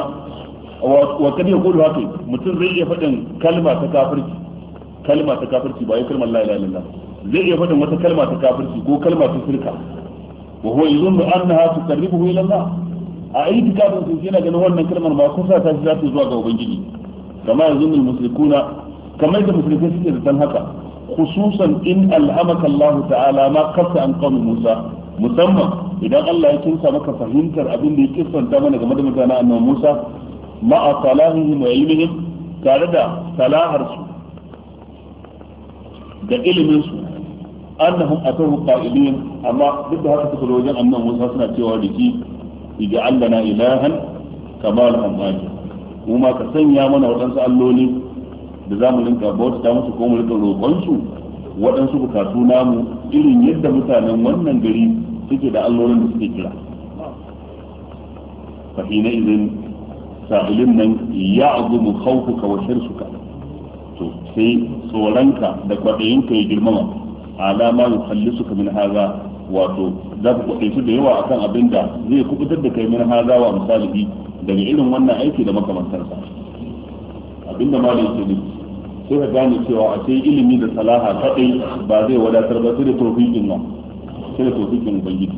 [SPEAKER 1] wa ya yaqulu haka mutum zai iya faɗin kalma ta kafirci kalma ta kafirci ba ya kalma la ilaha illallah zai iya faɗin wata kalma ta kafirci ko kalma ta shirka wa huwa yuzunnu annaha tuqarribuhu ila Allah a kafin sun yana ganin wannan kalmar ba kusa ta shi za ta zuwa ga ubangiji kama ya zunnu musrikuna kamar da musulmai suke da san haka khususan in alhamaka Allah ta'ala ma kasta an qawmi Musa musamman idan Allah ya kinsa maka fahimtar abin da ya kissanta mana game da mutanen annabi Musa ma'a salahihim wa ilmihim tare da salahar su da ilimin su annahum atahu qa'ilin amma duk da haka suka wajen annabi Musa suna cewa da shi ij'al lana ilahan kama lahum mu ma ka sanya mana wadansu alloli da za mu rinka bauta musu ko mu rinka roƙonsu waɗansu bukatu namu irin yadda mutanen wannan gari suke da allolin da suke kira fa hina idan sa'ilin nan ya ya'zumu ka wa hirsuka to sai tsoronka da kwaɗayinka ya girmama alama ka min haza wato za ku kwaɗaitu da yawa akan abin da zai kubutar da kai min haza wa misali daga irin wannan aiki da makamantarsa abinda malam ke nufi sai ka gane cewa a ce ilimi da salaha kadai ba zai wadatar ba sai da tawfiqin nan sai da tawfiqin ubangiji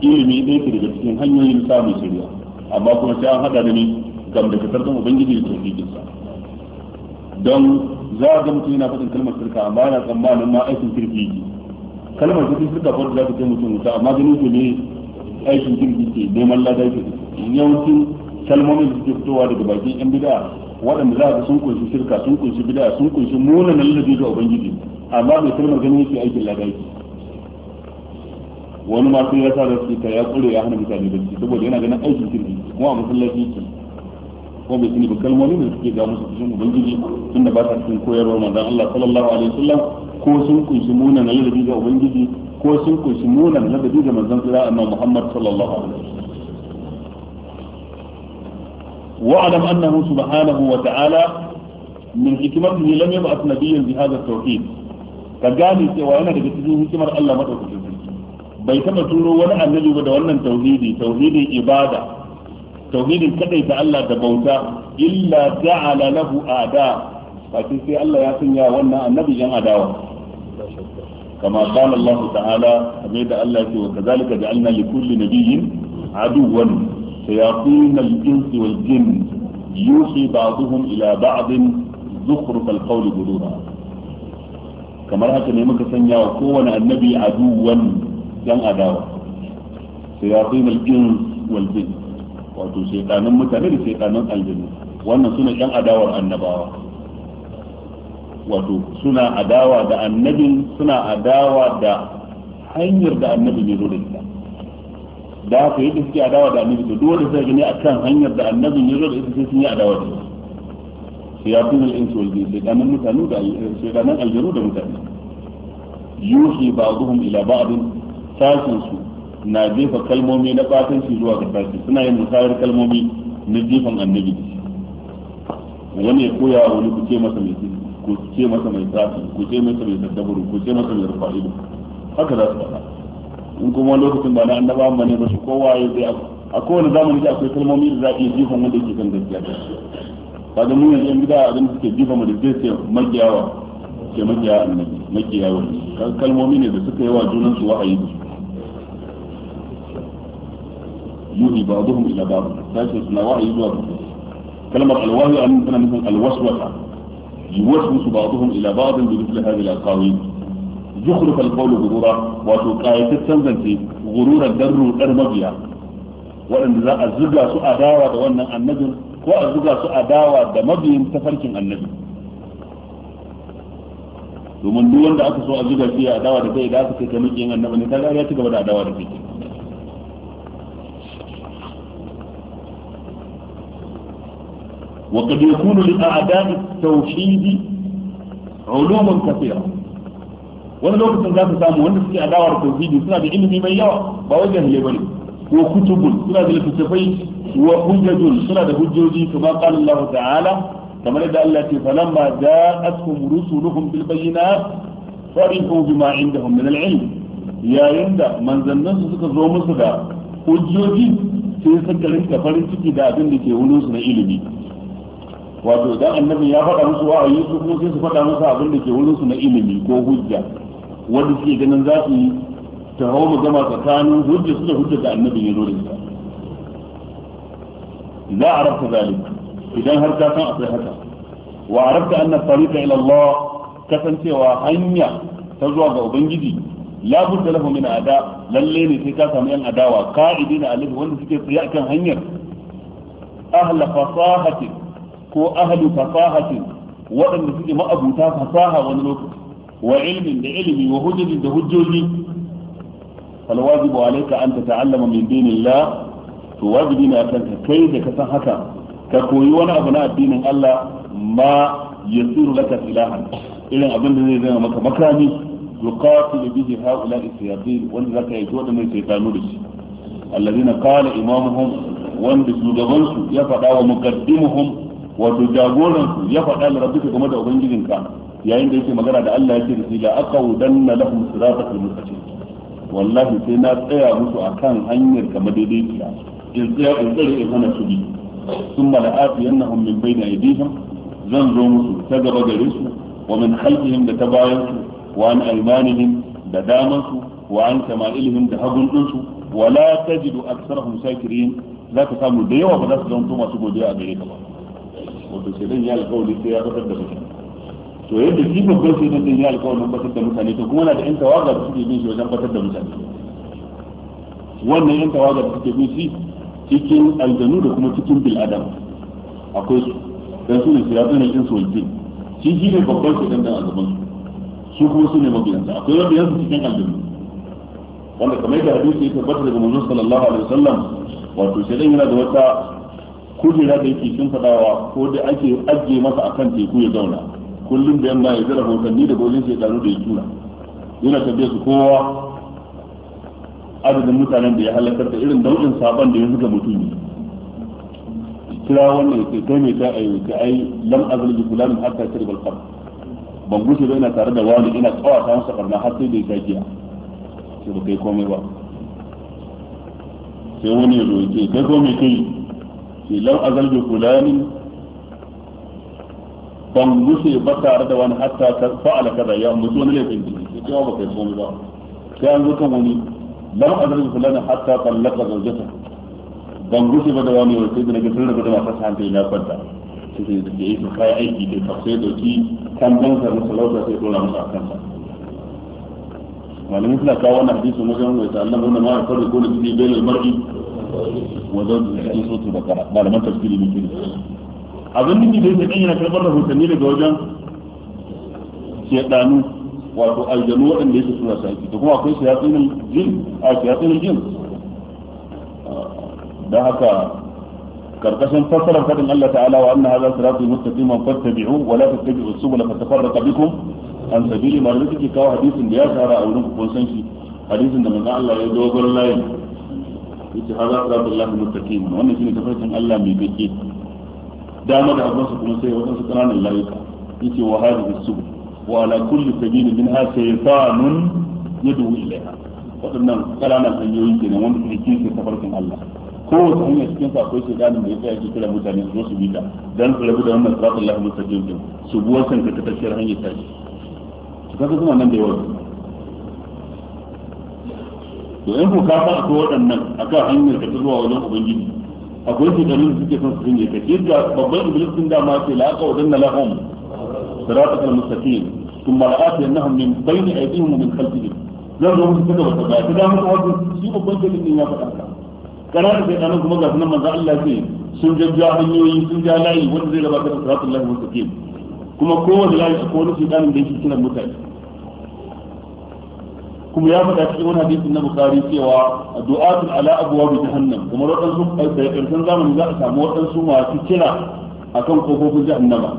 [SPEAKER 1] ilimi ɗaya ce daga cikin hanyoyin samun shari'a amma kuma sai an haɗa da ni gam da fitar da ubangiji da tawfiqin sa don za a ga yana faɗin kalmar shirka amma yana tsammanin ma aikin kirki kalmar shirka ko da za ta kai mutum wuta amma ganin ku ne aikin kirki ke neman lada ke yawancin kalmomin da suke fitowa daga bakin yan bid'a waɗanda za ga sun kunshi shirka sun kunshi bid'a sun kunshi nuna na lalabi ga ubangiji amma mai kalmar ganin yake aikin ladaki wani ma sai ya sa da su ya kure ya hana mutane da su saboda yana ganin aikin kirki kuma a masallaci yake kuma bai sani ba kalmomi da suke ga musu cikin ubangiji tunda ba ta cikin koyarwar manzon Allah sallallahu alaihi wasallam ko sun kunshi nuna na ladabi ga ubangiji ko sun kunshi nuna na ladabi ga manzon Allah Muhammad sallallahu alaihi wasallam واعلم أنه سبحانه وتعالى من حكمته لم يبعث نبيا بهذا التوحيد da سوى أنا لكتبه حكمة الله مدعو bai taba tuno wani annabi ba da wannan tauhidi tauhidin ibada tauhidin kadaita Allah da bauta illa ja'ala lahu ada wato sai Allah ya sanya wannan annabi yan adawa kama qala Allah ta'ala kamar da Allah ya ce wa شياطين الإنس والجن يوحي بعضهم إلى بعض زخرف القول غرورا kamar haka ne muka sanya wa kowane annabi aduwan yan adawa shayatin al-jin wal jin wato mutane da shaytanin aljinu wannan suna yan adawar annabawa wato suna adawa da suna adawa da hanyar da annabi ya da da haka yadda suke adawa da annabi to dole sai gani akan hanyar da annabi ya zo da ita sai sun yi adawa da shi ya fi mai insu wajen nan mutane da nan aljanu da mutane yuhi ba'dhum ila ba'din sashin su na jefa kalmomi na batanci zuwa ga sashi suna yin musayar kalmomi na jefan annabi wani ya koya wani ku ce masa mai ku ce masa mai sashi ku ce masa mai tadabbur ku ce masa mai rufa'idu haka za su faɗa in kuma lokacin ba na annaba ba ne ba su kowa ya zai a kowane zamani da akwai kalmomi da za a iya jifan wanda ke kan gaskiya da ba da mun yanzu yan gida abin da suke jifa jifan da zai ce magiyawa ke magiya annabi magiyawa kalmomi ne da suka yi wa junan su wa'ayi da yuhi ba zuhum ila babu sashi suna wa'ayi zuwa su kalmar alwahi an tana nufin alwaswasa yi wasu su ba zuhum ila babu bi mithli hadhihi alaqawil زخرف القول غرورا واتو قايت تنزلتي غرورا درو ارمضيا وان ذا الزبا سوء داوة وانا النجم كو سوء داوة دمضيهم تفرق النجم ومن دون ذا اكسو الزبا سوء داوة دا بي داوة كمجيهم النجم نتالي ايه تكبر دا داوة وقد يكون لأعداء التوحيد علوم كثيرة wani lokacin za su samu wanda suke adawar tauhidi suna da ilimi mai yawa ba wai jahilai bane ko kutubun suna da littattafai wa hujjajun suna da hujjoji kuma qala Allah ta'ala kamar da Allah ce falamma ja'atkum rusuluhum bil bayyinat farihu bima indahum min al-ilm yayin da manzannin su suka zo musu da hujjoji sai suka rinka farin ciki da abin da ke wurin su na ilimi wato idan annabi ya faɗa musu wa'ayi su kuma sai su faɗa musu abin da ke wurin su na ilimi ko hujja wanda suke ganin za su yi ta hau mu gama tsakanin hujjar su da hujjar da annabin ya zo da ita la arabta zalik idan har ka san akwai haka wa arabta anna tariqa ila Allah kasancewa hanya ta zuwa ga ubangiji la budda lahu min ada lalle ne sai ka samu yan adawa qa'idina alaihi wanda suke tsaye akan hanyar ahla fasahati ko ahli fasahati waɗanda suke ma'abuta fasaha wani lokaci وعلم بعلم وهجة بهجوجي فالواجب عليك أن تتعلم من دين الله تواجبين أتنك كيد كتنحك كقويون أبناء الدين الله ما يصير لك سلاحا إذا أبن ذي ذي مكاني يقاتل به هؤلاء السياطين ولذلك يتوضى من سيطان الذين قال إمامهم وانبسوا دغنسوا يفقى ومقدمهم wato jagoran su ya faɗa da rabbika game da ubangijinka yayin da yake magana da Allah yake da shi la aqawdanna lahum siratal mustaqim wallahi sai na tsaya musu akan hanyar ka madaidaiciya in tsaya in tsare in hana su bi thumma la afiyannahum min bayni aydihim zan zo musu ta gaba gare su wa min khalfihim da ta bayan su wa an da daman su wa an shama'ilihim da hagun din su wa la tajidu aktsarahum shakirin zaka samu da yawa ba za su zama masu godiya a gare ka ba wato shedan ya alkawari sai ya fitar da mutane to yadda shi babban sai din ya alkawarin fitar da mutane to kuma na da yan tawaga da suke bin shi wajen fitar da mutane wannan yan tawaga da suke bin shi cikin aljanu da kuma cikin bil adam akwai su dan su ne shayatun insu wal jin shi shi ne babban shedan dan azaban su su kuma su ne mabiyansa akwai mabiyansa cikin aljanu wanda kamar yadda hadisi ya tabbata daga manzon sallallahu alaihi wasallam wato shedan yana da wata ko da yake sun fadawa ko da ake ajiye masa akan teku ya zauna kullum da yamma ya zira hotanni da gojin shekaru da ya tura yana tambaye su kowa adadin mutanen da ya halakar da irin daukin saban da ya zuga mutum ne kira wannan ya kai mai ta ayi ka ai lam azal bi fulan hatta shirbal qab ban gushe ba ina tare da wani ina tsawata masa barna har sai da ya gajiya sai ba kai komai ba sai wani ya zo ya ce kai komai kai ce lau azal bi fulanin ban gushe ba tare da wani hatta ta fa'ala kaza ya mutu wani laifin jiki ya cewa ba kai komai ba sai an zo kan wani lam azal bi fulanin hatta tallaka zaujata ban gushe ba da wani wace da nake sun rabu da masu hankali na kwanta sai da yi su kai aiki da ta sai dauki kan bansa na salauta sai dora musu a kansa malamin suna kawo wannan hadisin wajen wai ta'allamu na ma'a farko da gona cikin bayan mar'i wajen cikin sotu da kara malaman tafsiri ne kiri abin nufi da yake yana karɓar rahotanni daga wajen shaɗanu wato aljanu waɗanda yake suna saki da kuma akwai shayatsinin jin a shayatsinin jin da haka karkashin fassarar fadin Allah ta'ala wa anna hadha siratun mustaqiman fattabi'u wa la tattabi'u subula fatafarraqa bikum an sabili ma da kawo hadisin da ya tsara a wurin kun san shi hadisin da manzon Allah ya dogara layin yace hada qiratullahi mustaqim wannan shine tafarkin Allah mai gaske dama da abun su kuma sai wadansu kananan layuka yace wa hadhihi subul wa ala kulli sabilin minha shaytanun yad'u ilayha wadannan kananan hanyoyi kenan wanda suke cikin tafarkin Allah kowace hanya cikin sa akwai shaytanin da ya tsaya kira mutane su zo su bita dan su rabu da wannan qiratullahi mustaqim din su buwan san ta tafiyar hanyar tashi kaga suna nan da yawa to in ko ka san akwai waɗannan a kan hanyar ka ta zuwa wajen ubangiji akwai shekarun da suke son su ne ka ce ga babban iblis din dama ce la aka wadanna lahum siratal mustaqim thumma la'atiyannahum min bayni aydihim wa min khalfihim zan zo musu daga wata baya ta da musu wasu shi babban dalilin din ya faɗa ka kana da sai nan kuma ga sunan manzo Allah ce sun jajja hanyoyi sun ja layi wanda zai gabatar da siratal mustaqim kuma kowanne layi ko wani shekarun da yake kiran mutane kuma ya faɗa cikin wani hadisi na bukari cewa du'atun ala abuwa bi jahannam kamar waɗansu da ƙarshen zamani za a samu waɗansu masu kira akan kofofin jahannama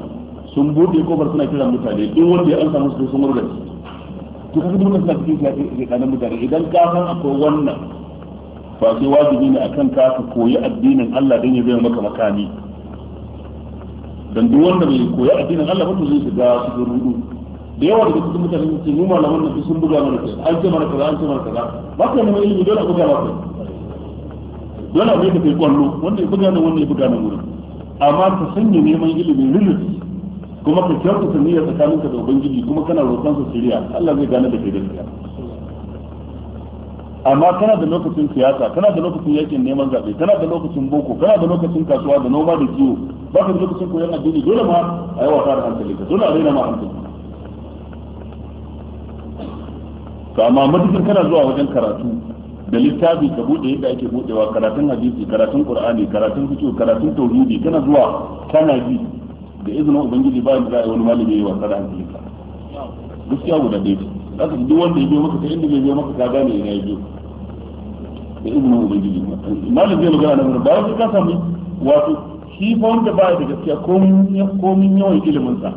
[SPEAKER 1] sun buɗe kofar suna kiran mutane duk wanda ya ansa musu sun murga shi to kaga duk suna cikin shi a mutane idan ka san akwai wannan ba sai wajibi ne akan ka ka koyi addinin Allah dan ya zama maka makami dan duk wanda bai koyi addinin Allah ba to zai shiga cikin rudu da yawa daga cikin mutane sun ce mu malaman da sun buga mana kai an ce mana kaza an ce mana kaza ba ka neman ilimi dole a buga ba kai dole a ka kai kwallo wanda ya buga nan wanda ya buga nan wurin amma ka sanya neman ilimi lulus kuma ka kyautata niyya tsakaninka da ubangiji kuma kana roƙon sa shiriya Allah zai gane da kai gaskiya amma kana da lokacin siyasa kana da lokacin yakin neman zabe kana da lokacin boko kana da lokacin kasuwa da noma da kiwo ba ka da lokacin koyon addini dole ma a yi wasa da hankali ka dole a raina ma hankali to amma madadin kana zuwa wajen karatu da littafi ka bude yadda ake budewa karatun hadisi karatun qur'ani karatun fiqh karatun tauhidi kana zuwa kana bi da izinin ubangiji ba da yi wani malami yayi wasa da ka gaskiya guda dai ce zaka duk wanda yake maka ta inda yake maka ka gane ina ya da izinin ubangiji malam zai lura nan ba wai ka sami wato shi fa wanda ba da gaskiya komin yawan ilimin sa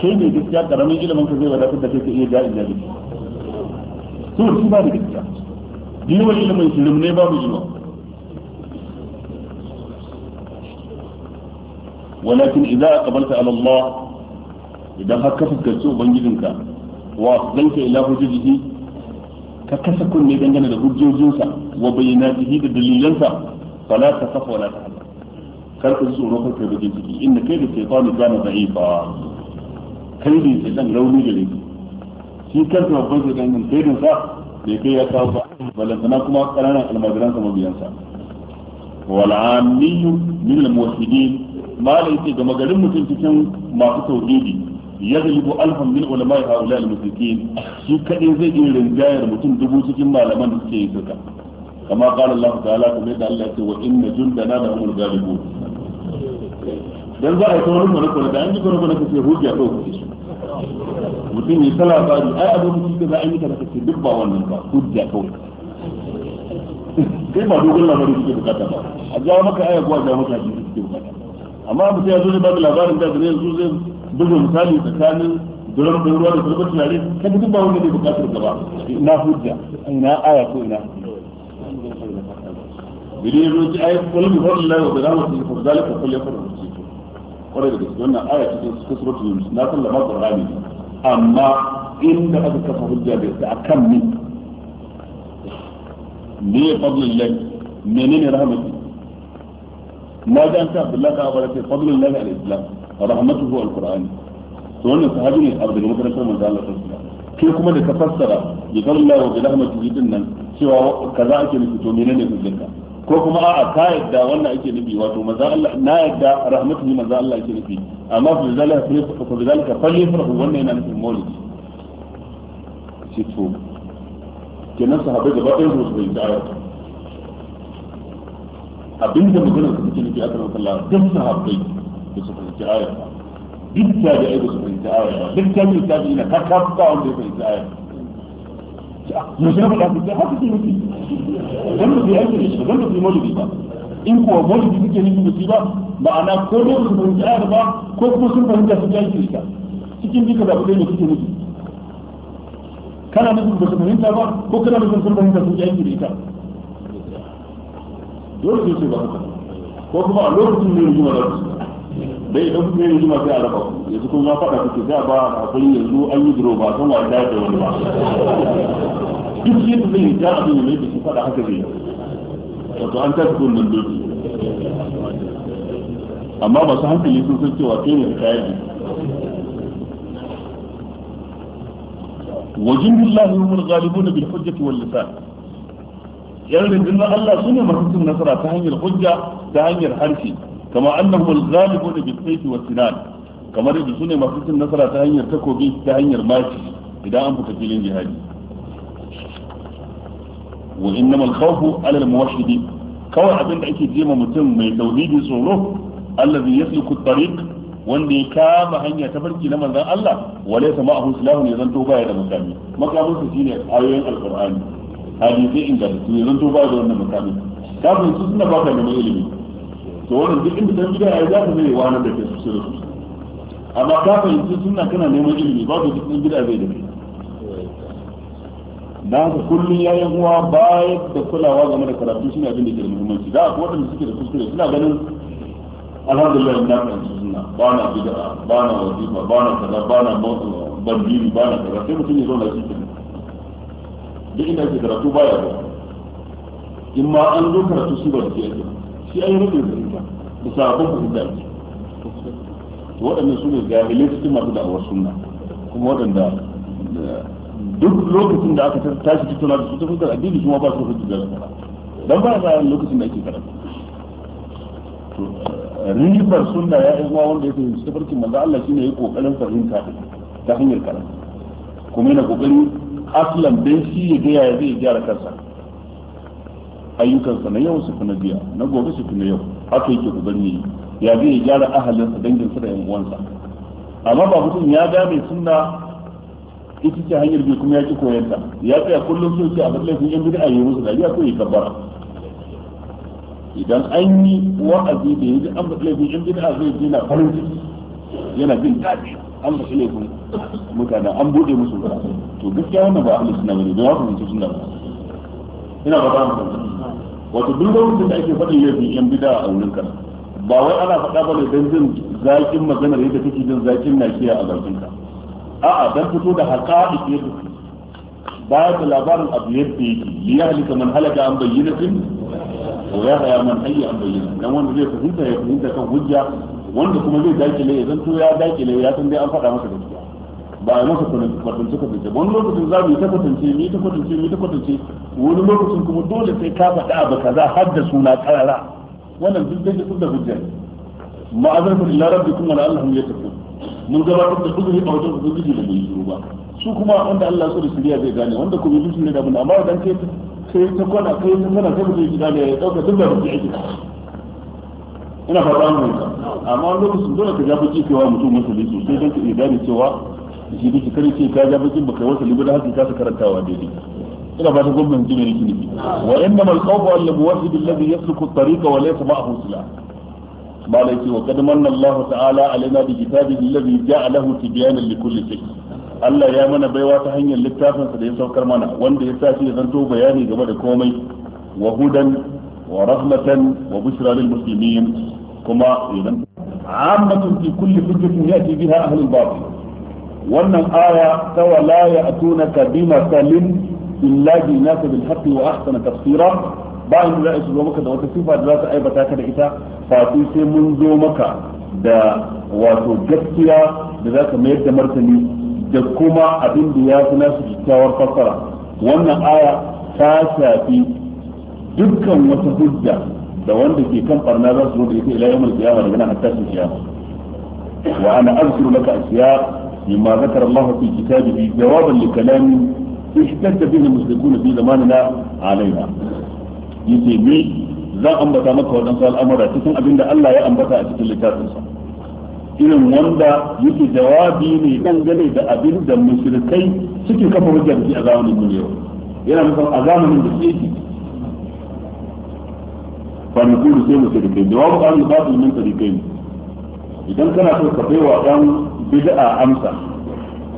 [SPEAKER 1] kai ne gaskiya karamin ilimin ka zai wadatar da kai ka iya ja'in da kai dole su ba da gaskiya yawan ilimin shirin ne babu inuwa walakin idan aqbalta ala Allah idan har ka fuskanci ubangijinka wa zanka ila hujjihi ka kasa kunne dangane da hujjojinsa wa bayyanatihi da dalilansa fala ta safa wala ta hada kar ka tsoro kar ka baje ciki inda kai da shaytanu kana da'ifa kai ne shaytan rauni gare ka shi kansa babban sojan din shaidin sa bai kai ya kawo ba balantana kuma kananan almajiran sa mabiyansa wal amiyyu min al muwahhidin malai ce ga magarin mutum cikin masu tauhidi ya galibu alfan min ulama haula al musyrikin shi kadai zai iya rinjayar mutum dubu cikin malaman da suke yi duka kama qala Allah ta'ala kuma yadda Allah ya ce wa inna jundana la humul ghalibun
[SPEAKER 2] dan za a yi sauran mu da an ji kuma kuma kace hujja ko kace mutum ya ta labari ai a
[SPEAKER 1] lokaci ka za a yi ka ce duk ba wannan ba hujja kawai kai ba dogon labarin suke bukata ba a jawo maka aya ko a jawo maka hadisi suke bukata amma mutum ya zo ne ba da labarin da zai zo zai buga misali tsakanin duran da ruwa da sarbar tunani kan duk ba wanda ne bukatar gaba ina hujja ina aya ko ina bidiyar roji ayi kulmi wallahi wa bi rahmatihi fa zalika falyakun kwarai da gaske wannan aya ta suratul yunus na sallama qur'ani amma inda aka kafa hujja da ita akan ni ne fadlullahi menene rahmatu ma da ta abdullahi ka bara ce fadlullahi al-islam rahmatuhu al-qur'ani to wannan sahabi ne abu daga makarantar manzo Allah sallallahu alaihi wasallam ke kuma da ka fassara bi fadlillahi bi rahmatihi dinnan cewa kaza ake nufi to menene ka. ko kuma a ta yadda wannan ake nufi wato maza Allah na yadda rahmatu ne maza Allah ake nufi amma fa zalika fa zalika fa yafrahu wannan yana nufin maulidi shi to kenan sahabbai gaba ɗaya su bai da abinda magana su ke nufi akan sallah duk sahabbai da su fahimci ayar ba duk da da su fahimci ayar ba duk da da ta bi na kakkafa wanda ya fahimci ayar
[SPEAKER 2] yaushe na faɗa kuka haka don yi da
[SPEAKER 1] don yi ba in kuwa suke nufi da ba ma'ana ko dai su fahimci ayar ba ko kuma sun fahimta su aiki da cikin duka da kudai ne suke nufi kana nufin ba su fahimta ba ko kana nufin sun fahimta su aiki da dole sai ba ko kuma a lokacin ne rigima za su dai idan kuka yi rigima sai a raba ku yanzu kun ya faɗa kuke da ba a kun yanzu an yi duro ba sun wa da da wani ba duk yadda zai yi ta abin da yake faɗa haka zai wato an tafi kun nan doki amma masu hankali sun san cewa kai ne kaya ne wajen billahi humul ghalibuna bil hujjati wal lisan yan rinjin Allah sune masu cin nasara ta hanyar hujja ta hanyar harshe kama annahum al-ghalibun bi sayfi wa kamar yadda sune masu cin nasara ta hanyar takobi ta hanyar maci idan an fita filin jihadi wa innama al-khawfu ala al kawai ake jima mutum mai tauhidi tsoro allazi yasluku at wanda ya kama hanya ta farki na manzon Allah wale sama ahu silahu ne zanto baya da mutane makamin shine ayoyin alqur'ani hadisi inda su zanto baya da wannan mutane kafin su suna baka da ilimi to wannan duk inda san gida ya za ka zai wani da ke su sirri amma ka fahimci suna kana neman ilimi ba ku duk dan gida bai da kai da haka kullum yayin uwa bayar da kulawa game da karatu shi ne abin da ke da muhimmanci da akwai waɗanda suke da kuskure suna ganin alhamdulillah ina fahimci suna ba na bid'a ba na wajiba ba na kaza ba na bandiri ba na kaza sai mutum ya zauna shi kenan duk inda ke karatu baya ba in ma an zo karatu shi ba da ke ake shi an rubin fahimta da sabon fahimta ake waɗannan su ne jahilai cikin masu da'awar sunna kuma waɗanda duk lokacin da aka tashi tattauna da su ta fuskar addini kuma ba su hujjar su dan ba sa lokacin da ake karatu ribar sunna ya yi ma wanda yake fahimci tafarkin manzo Allah shine yake kokarin fahimta ta hanyar karatu kuma yana kokari aslan dan shi ya ga ya zai gyara kansa ayyukansa na yau su na biya na gobe su na yau haka yake ubanni ya zai gyara ahalinsa danginsa da yan uwansa amma ba mutum ya gane sunna ita ce hanyar bi kuma ya ki koyanta ya tsaya kullum sun ce a bar laifin yan bid'a yayi musu dariya ko yi kabbara idan an yi wa'azi da yanzu an bar laifin yan bid'a zai ji na farin ciki yana jin daɗi an bar laifin mutane an bude musu to gaskiya wannan ba halittu na bane don haka mun ce ba. ina ba za mu wato duk lokacin da ake faɗin laifin yan bida a wurin kan ba wai ana faɗa ba ne don jin zaƙin maganar yadda kake jin zaƙin na kiya a bakin ka a'a dan fito da haƙa'iƙ yadda baya da labarin abu yadda yake ya halika man halaka an bayyana fin ko ya haya man hayya an bayyana dan wanda zai fahimta ya fahimta kan hujja wanda kuma zai dakile ya zanto ya dakile ya san dai an faɗa masa gaskiya ba a masa kwatance kwatance wani lokacin za mu yi ta kwatance mu yi ta kwatance mu yi ta kwatance wani lokacin kuma dole sai ka faɗa abu kaza har da suna karara wannan duk dai duk da hujja ma'azarfa kuma rabbikum wa la'allahum yattaqun mun gabatar da uzuri a wajen ubangiji da bai shiru ba su kuma wanda Allah ya so da shirya zai gane wanda kuma yi shirya da abin amma dan ke sai ta kwana kai ta kwana sai mutum ya gane ya dauka duk da rubuce ake ina fata mun amma wani lokacin dole ka fi cewa mutum musulmi sai don ka iya gane cewa shi kake kare ce ka ja bakin baka wata liba da haka ka ta karantawa daidai ina ba ta gwamnan jini ne kini
[SPEAKER 2] wa inna
[SPEAKER 1] mal qawlu al muwahhid alladhi yasluku at-tariqa wa laysa ma'ahu silah malaki wa qad manna Allah ta'ala alaina bi kitabihi alladhi ja'alahu tibyanan li kulli shay Allah ya mana baiwa ta hanyar littafinsa da ya saukar mana wanda ya sa shi ya zanto bayani game da komai wa hudan wa rahmatan wa bushra lil muslimin kuma idan ammatun fi kulli hujjatin yati biha ahlul batil wannan aya ta wala ya atuna ka bi masalin illa bi naka bil haqqi wa ahsana tafsira bayan da su zo maka da wata sifa da za su aibata ka da ita fatu sai mun zo maka da wato gaskiya da za ka mayar da martani da kuma abin da ya fi nasu kyakkyawar fassara wannan aya ta shafi dukkan wata hujja da wanda ke kan barna za su zo da ita ila yawmul qiyamah daga nan hatta su kiyama wa ana azkuru laka asiya مما ذكر الله في كتابه جوابا لكلام احتج به المشركون في زماننا عليها yace ni zan ambata maka waɗansu al'amura cikin abin da Allah ya ambata a cikin littafinsa irin wanda yake jawabi ne dangane da abin da mushrikai suke kafa hujjar shi a zamanin mu yau yana nufin a zamanin da su yake fa nukulu sai mushrikai jawabu an babu min tarikai idan kana so ka baiwa dan bid'a amsa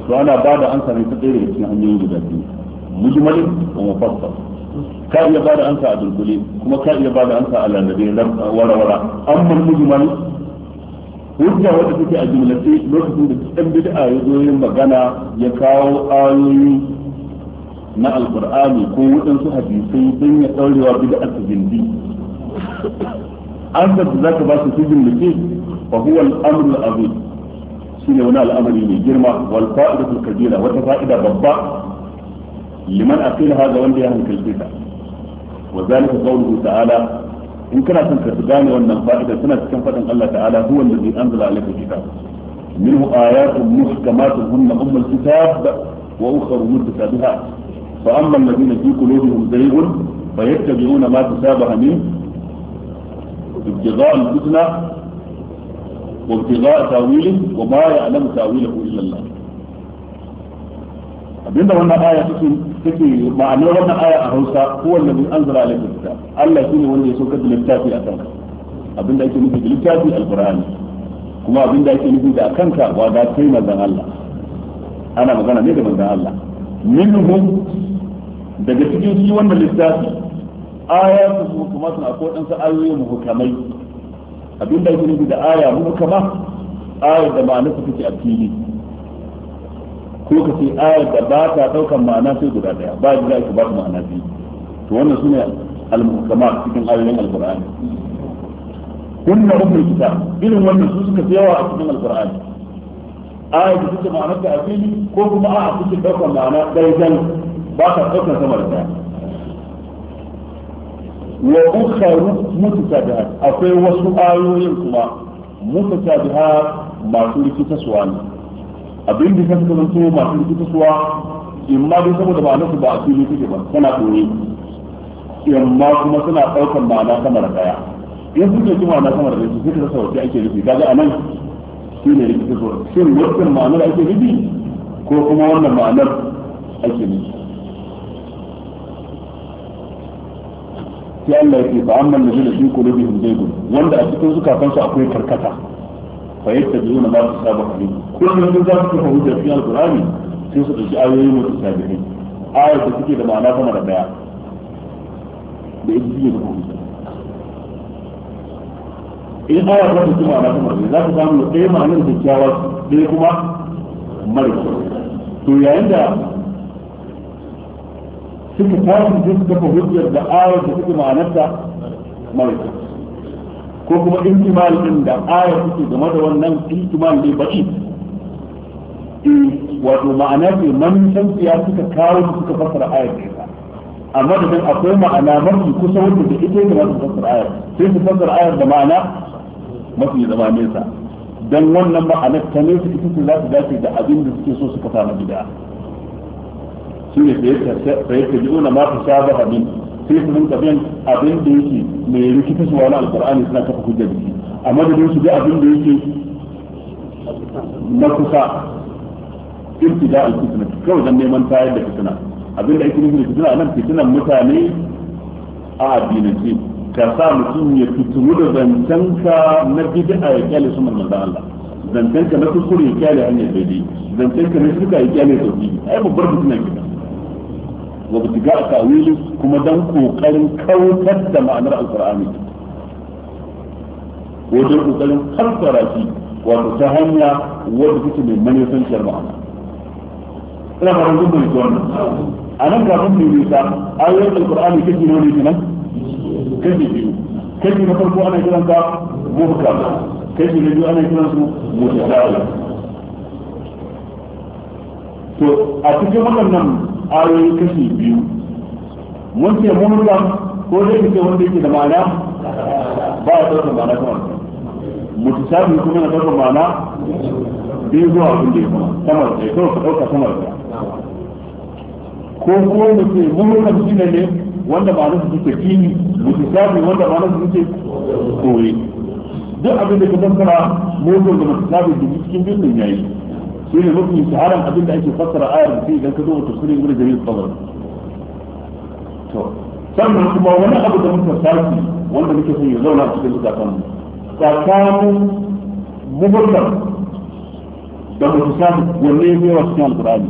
[SPEAKER 1] to ana ba da amsa ne ta ɗaya daga cikin hanyoyin guda biyu mujmalin wa mufassal ka iya ba da amsa a dunkule kuma ka iya ba da amsa a lalabe wara-wara amma mujmal hujja wadda take a jumlace lokacin da ɗan bid'a ya zo yin magana ya kawo ayoyi na alkur'ani ko waɗansu hadisai don ya ɗaurewa bid'a ta gindi amsa da za ka ba su su jumlace fa huwa al-amru al-azim shine wani al'amari mai girma wal fa'idatul kabira wata fa'ida babba liman aqila hada wanda ya hankalce ta wa zalika qawluhu ta'ala in kana son ka gane wannan fa'ida tana cikin fadin Allah ta'ala huwa allazi anzala alayka kitab minhu ayatun muhkamatun hunna ummul kitab wa ukhra mutasabiha fa amma alladhina fi qulubihim zayghun fayattabi'una ma tasabaha min ibtigha'a al-fitnah وابتغاء تاويله وما يعلم تاويله الا الله abinda wannan aya take take ma'anar wannan aya a Hausa ko wallahi anzala alaikum kitab Allah shine wanda ya saukar da littafi a kanka abin abinda ake nufi da littafi alqur'ani kuma abin abinda ake nufi da kanka wa da kai manzon Allah ana magana ne da manzon Allah minhum daga cikin shi wannan littafi ayatu hukumatun akwai dan sa ayoyi muhukamai abin da yake nufi da aya mu kama ayar da ma'ana su take a fili ko ka ce ayar da ba ta daukan ma'ana sai guda daya ba da za ka ba ta ma'ana biyu to wannan sune al-muhkamat cikin ayoyin al-Qur'ani kunna ummul kitab irin wannan su suka fi yawa a cikin al-Qur'ani ayar da take ma'ana ta a fili ko kuma a'a suke daukan ma'ana daya ba ta daukan sama da daya wa ukharu mutatabihat akwai wasu ayoyin kuma mutatabihat masu rikitaswa ne abin da suka zanto masu rikitaswa imma dai saboda ma'anar su ba a fili take ba tana koyi imma kuma suna ɗaukar ma'ana sama da daya in suke ji ma'ana sama da daya sai rasa wace ake nufi kaga anan shi ne rikitaswa shin wannan ma'anar ake nufi ko kuma wannan ma'anar ake nufi sai Allah ya ce fa amman ladina fi qulubihim zaygun wanda a cikin zukatansu akwai karkata fa ba su saba min kullun min za su hujja fi alqur'ani sai su dauki ayoyi mutashabihai ayar da suke da ma'ana sama da daya da ita suke da hujja in ayar za su ci ma'ana sama da daya za su samu ɗaya ma'anar da kyakkyawa ɗaya kuma mara to yayin da suka tashi sai su hujjar da ayar da suke ma'anarta mara ko kuma ihtimal din da ayar suke game da wannan intimal ne baki eh, wato ma'ana ce man san suka kawo da suka fassara ayar da ita amma da akwai ma'ana mafi kusa wanda da ita yake masu fassara ayar sai su fassara ayar da ma'ana mafi zama nesa dan wannan ma'anar ta ne su ita ce za su dace da abin da suke so suka samu gida shine fa yattabi'una ma tashabaha min sai su rinka bin abin da yake mai rikita su wani alkur'ani suna kafa hujjar jiki a madadin su bi abin da yake na kusa irtida al-fitna kawai dan neman tayar da fitna abin da ake nufi da fitna nan fitnan mutane a addinance ka sa mutum ya fitinu da zancenka na bid'a ya kyale su manzon Allah zancenka na kuskure ya kyale hanyar daidai zancenka na shirka ya kyale tauhidi ai babbar fitna ke وابتداء تأويله كما دمكو قرن كوكت دا معنى القرآن ودمكو قرن خلق راسي وتسهمنا وابتداء من من يسنش المعنى إلا ما رجل من يتوانا أنا كأخذ من يسا آيات القرآن كثير من يسنا كثير كثير من يسنا كثير من يسنا كثير من يسنا كثير من يسنا كثير من يسنا to a cikin waɗannan ayoyin kashi biyu mun ce mun ko dai kace wanda yake da ma'ana ba ya ɗaukar ma'ana kamar mutashabi kuma na ɗaukar ma'ana biyu zuwa abin da ya kuma kamar ya kawo ka ɗauka kamar ka ko kuma mu ce mun shi ne wanda ma'ana su suke kini mutashabi wanda ma'ana su suke koyi duk abin da ka tattara mu da mutashabi da cikin birnin yayi شيء ربنا تعالى قبل أي فترة آية فيه قال كذا وتصلي يقول جميل قدر سمع ثم وانا أبو دم فسالتي وانا بك في يزول على كل ذات أمر فكان مبرر دم فسالتي وليه هي وسكان القرآن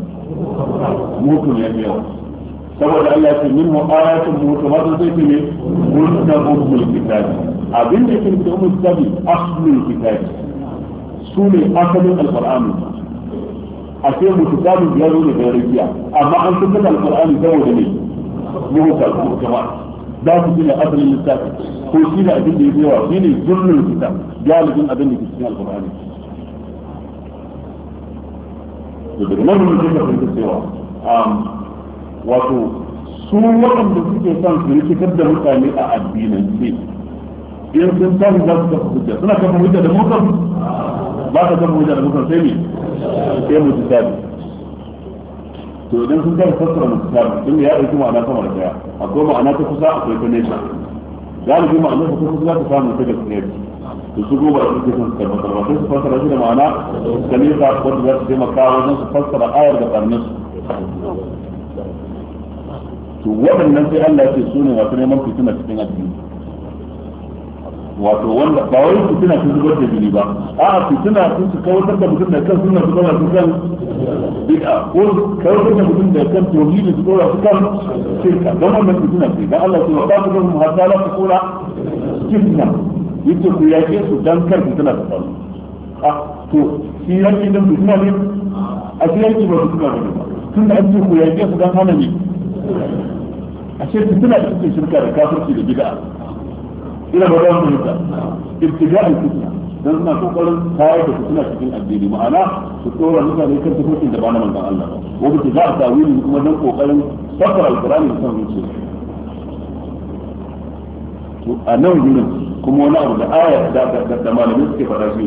[SPEAKER 1] موت يعني يا سبب الله في منه آية موت ما تزاي في منه ولد أمه الكتاب أبين لكن أمه الكتاب أصل الكتاب سوني أصل القرآن الكتاب a ce mutu samun ya zo da gariya amma an san da alqur'ani saboda ne mu ka jama'a za su shine asalin littafi ko shine abin da yake wa shine jirnin kitab galibin abin da ke cikin alqur'ani to daga nan mun dinga fahimta cewa wato su waɗanda suke son su rikitar da mutane a addinance in sun tashi za su kafa hujja suna kafa hujja da mutum ba ka kafa hujja da mutum sai ne sai mu tsari to idan sun tashi fassara mu tsari tun ya dauki ma'ana sama da daya akwai ma'ana ta kusa akwai ta nesa galibi ma'anar ta kusa za ta samu ta da nesa to su goba da suke son su tabbatar ba sai su fassara shi da ma'ana ta nesa wanda za su taimaka wajen su fassara ayar da karnin to waɗannan sai Allah ya ce su ne wasu neman fitina cikin addini wato wanda ba wai su sun zubar da jini ba a'a su tuna sun su kawatar da mutum da kan suna su kawatar su kan bid'a ko kawatar da mutum da kan tauhidi su kawatar su kan shirka don wannan su tuna sai dan Allah ya ce wa ba su mun hatta la kula fitna yace ku yake su dan kar su tuna su faru a ah, to shi yake dan fitna ne a shi yake ba su tuna ba tun da an ce ku yake su dan hana ne a ce su tuna su shirka da kafirci da bid'a ina ba zan fahimta ibtida'i fitna dan suna kokarin kawar da fitina cikin addini ma'ana su tsora mutane kan tafarkin da ba na manzon Allah ba ko za a tawili kuma dan kokarin fassara alqur'ani da san zuciya to a nan gurin kuma wani abu da aya da da malamai suke faɗa shi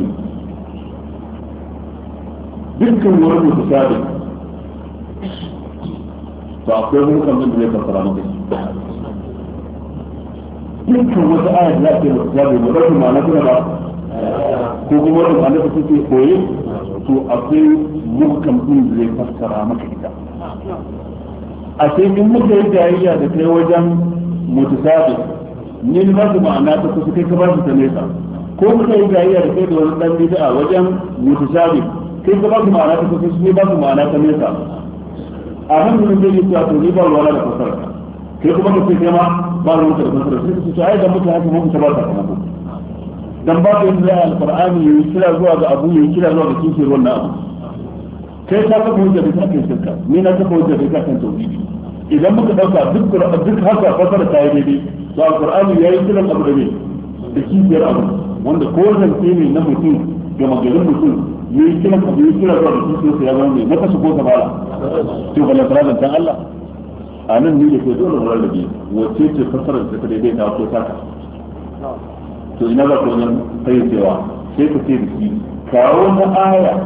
[SPEAKER 1] dukkan wani mutasabih to akwai wani kan da zai fassara maka dukkan wata aya da za ta yi da hijabi ba za su ma'ana kuna ba ko kuma wata ma'ana ta suke koyi? to akwai muhkam din da zai fassara maka ita a sai in muka yi jayayya da kai wajen mutasabi ni ba su ma'ana ta kusa kai ka ba su ta nesa ko muka yi jayayya da kai da wani dan bid'a wajen mutasabi kai ka ba su ma'ana ta kusa Ni ba su ma'ana ta nesa a hannun zai yi cewa to ni ba ruwa da fasara kai kuma ka ce kai ma بعض المتحدة المتحدة المتحدة المتحدة المتحدة المتحدة المتحدة القرآن يسلع زوا ذا أبو يسلع زوا ذا كيسي رونا أبو كي تابق وجه بيسا كي سلتا مينا تابق وجه بيسا كي توبيبي إذا متبقى ذكر ذكر حقا فصل التايريبي ذا القرآن يسلع أبو ربي بكيسي رونا وند كورزن تيمي نمتين كما قلن مسلم يسلع يسلع زوا ذا كيسي رونا أبو نتا سبوة بالا تيوغل يسلع ذا الله a nan ni da ke dole rarrabe wace ce fasarar da ta daidai ta ko taka to ina za ku wajen cewa sai ku ce da shi kawo na aya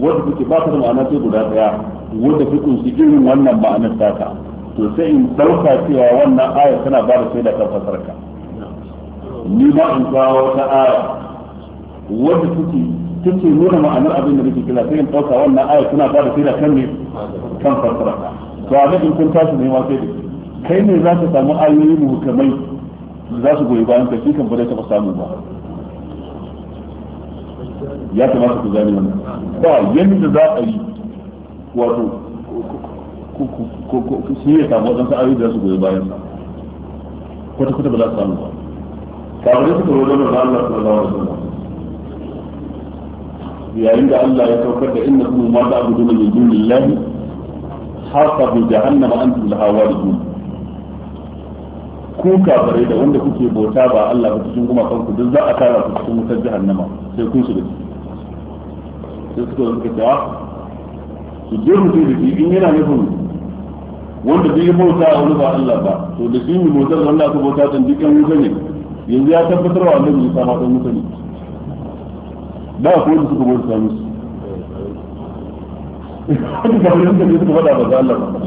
[SPEAKER 1] wadda kuke ba ta da ma'ana sai guda daya wadda ku kunshi irin wannan ma'anar taka to sai in dauka cewa wannan aya tana ba da shaida kan ka ni ma in kawo wata aya wadda take take nuna ma'anar abin da nake kira sai in dauka wannan aya tana ba da shaida kan ne kan ka to a in kun tashi ne sai da kai ne za ka samu ayoyi muhkamai za su goyi bayan ka shi kan ba zai taɓa samu ba
[SPEAKER 2] ya kamata ku gane wannan ba
[SPEAKER 1] yadda za a yi wato shi ya samu waɗansu ayoyi da su goyi bayan sa kwata kwata ba za su samu ba kawai suka rodo da Allah sallallahu alaihi wasallam yayin da Allah ya saukar da inna kuma ma da abudu jirgin dunillahi hasabu an antum laha waridun ku kafare da wanda kuke bauta ba Allah ba cikin kuma kanku duk za a tara ku cikin wutar jahannama sai kun shiga sai suka suka ce su ah, je mu da shi in yana nufin wanda bai bauta a wani ba Allah ba to da shi mu bautar da Allah ka bauta dan dukkan wuta ne yanzu ya tabbatar wa Allah ne sa ma dan wuta ne da ko da suka bauta musu wani ba wani hankali suka faɗa ba Allah ba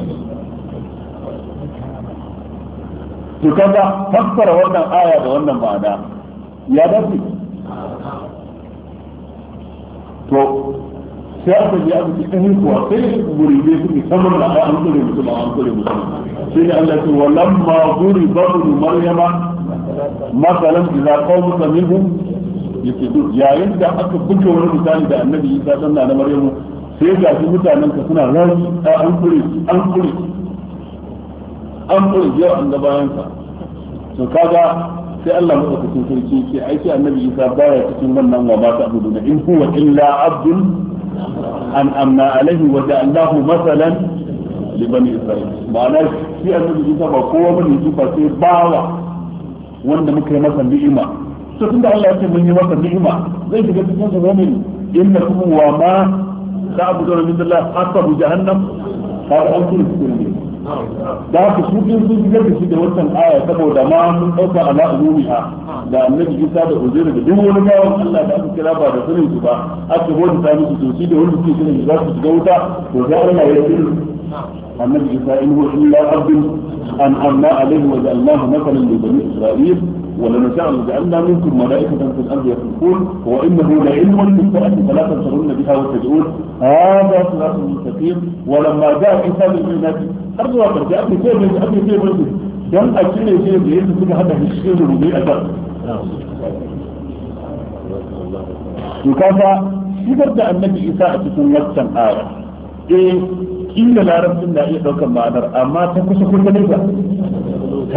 [SPEAKER 1] to kaga fassara wannan aya da wannan ma'ana ya dace to sai aka ji aka cikin hikuwa sai gurbe su musamman da an tsore mutum an tsore mutum sai ne Allah ce walamma guriba ibn maryama masalan idza qawmuka minhum yake duk yayin da aka buga wani misali da annabi Isa sanna na Maryamu sai ga su mutanen ka suna rauni a an kure an kure an kure yau an ga bayan ka to kaga sai Allah madaukakin sarki ce ai sai annabi Isa baya cikin wannan wa ba ta abudu da in huwa illa abdun an amma alaihi wa ja'alnahu masalan li bani isra'il ma'ana shi annabi Isa ba kowa bane shi ba sai bawa wanda muka yi masa ni'ima to tunda Allah ya ce mun yi masa ni'ima zai shiga cikin zamanin inna kuma wa ma تعبدون من الله حسب جهنم قال أنتم تسلمون da haka su din sun shigar da shi da wannan aya saboda ma sun dauka ala umumiha da annabi Isa da Uzairu da duk wani bawan Allah da aka kira ba da sanin su ba aka bauta ta musu to shi da wanda suke sanin za su shiga wuta to sai Allah ya yi annabi Isa in huwa illa abdun an amna alaihi wa ja'alnahu masalan li bani Isra'il ولن نجعل جعلنا منكم ملائكة في الأرض يخلقون وإنه لعلم للساعة فلا تمترون بها وتدعون هذا صراط مستقيم ولما جاء عيسى بالبينات أرجو أن جاء في سير من أبي سير من دم أكل سير من يد كل هذا الشيء الذي أتى وكذا شكر النبي عيسى أتكون وقتا آية إيه إلا لا رب الله إيه، يدعوك ما أدر أما تنكسك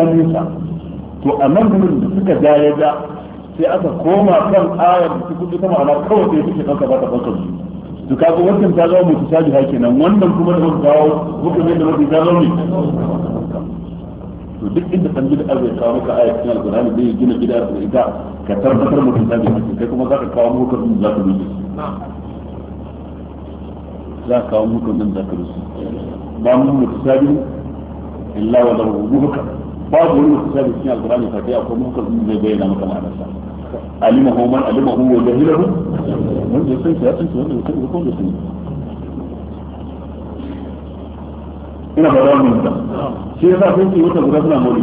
[SPEAKER 1] الجنة to a nan gudun da suka jaye da sai aka koma kan ayar da suka kuma ana kawai sai suke kanka ba ta kanka su to kaga wannan ta zama mutu sabi hake nan wannan kuma da muka kawo muka mai da mutu ta zama to duk inda san bid'a zai kawo maka ayar cikin alqur'ani bai gina bid'a da ita ka tabbatar mutu sabi hake kai kuma za ka kawo muka din za ka rubuta za ka kawo muka din za ka rubuta ba mun mutu sabi illa wa lahu muka babu wani masu misali cikin alqur'ani ta dai akwai muhkam zai bayyana maka ma'anar sa alimahu man alimahu wa jahilahu mun da san ya san shi wannan sai ko da shi ina ba za mu yi ta shi ya sa sun ce wata guda suna mori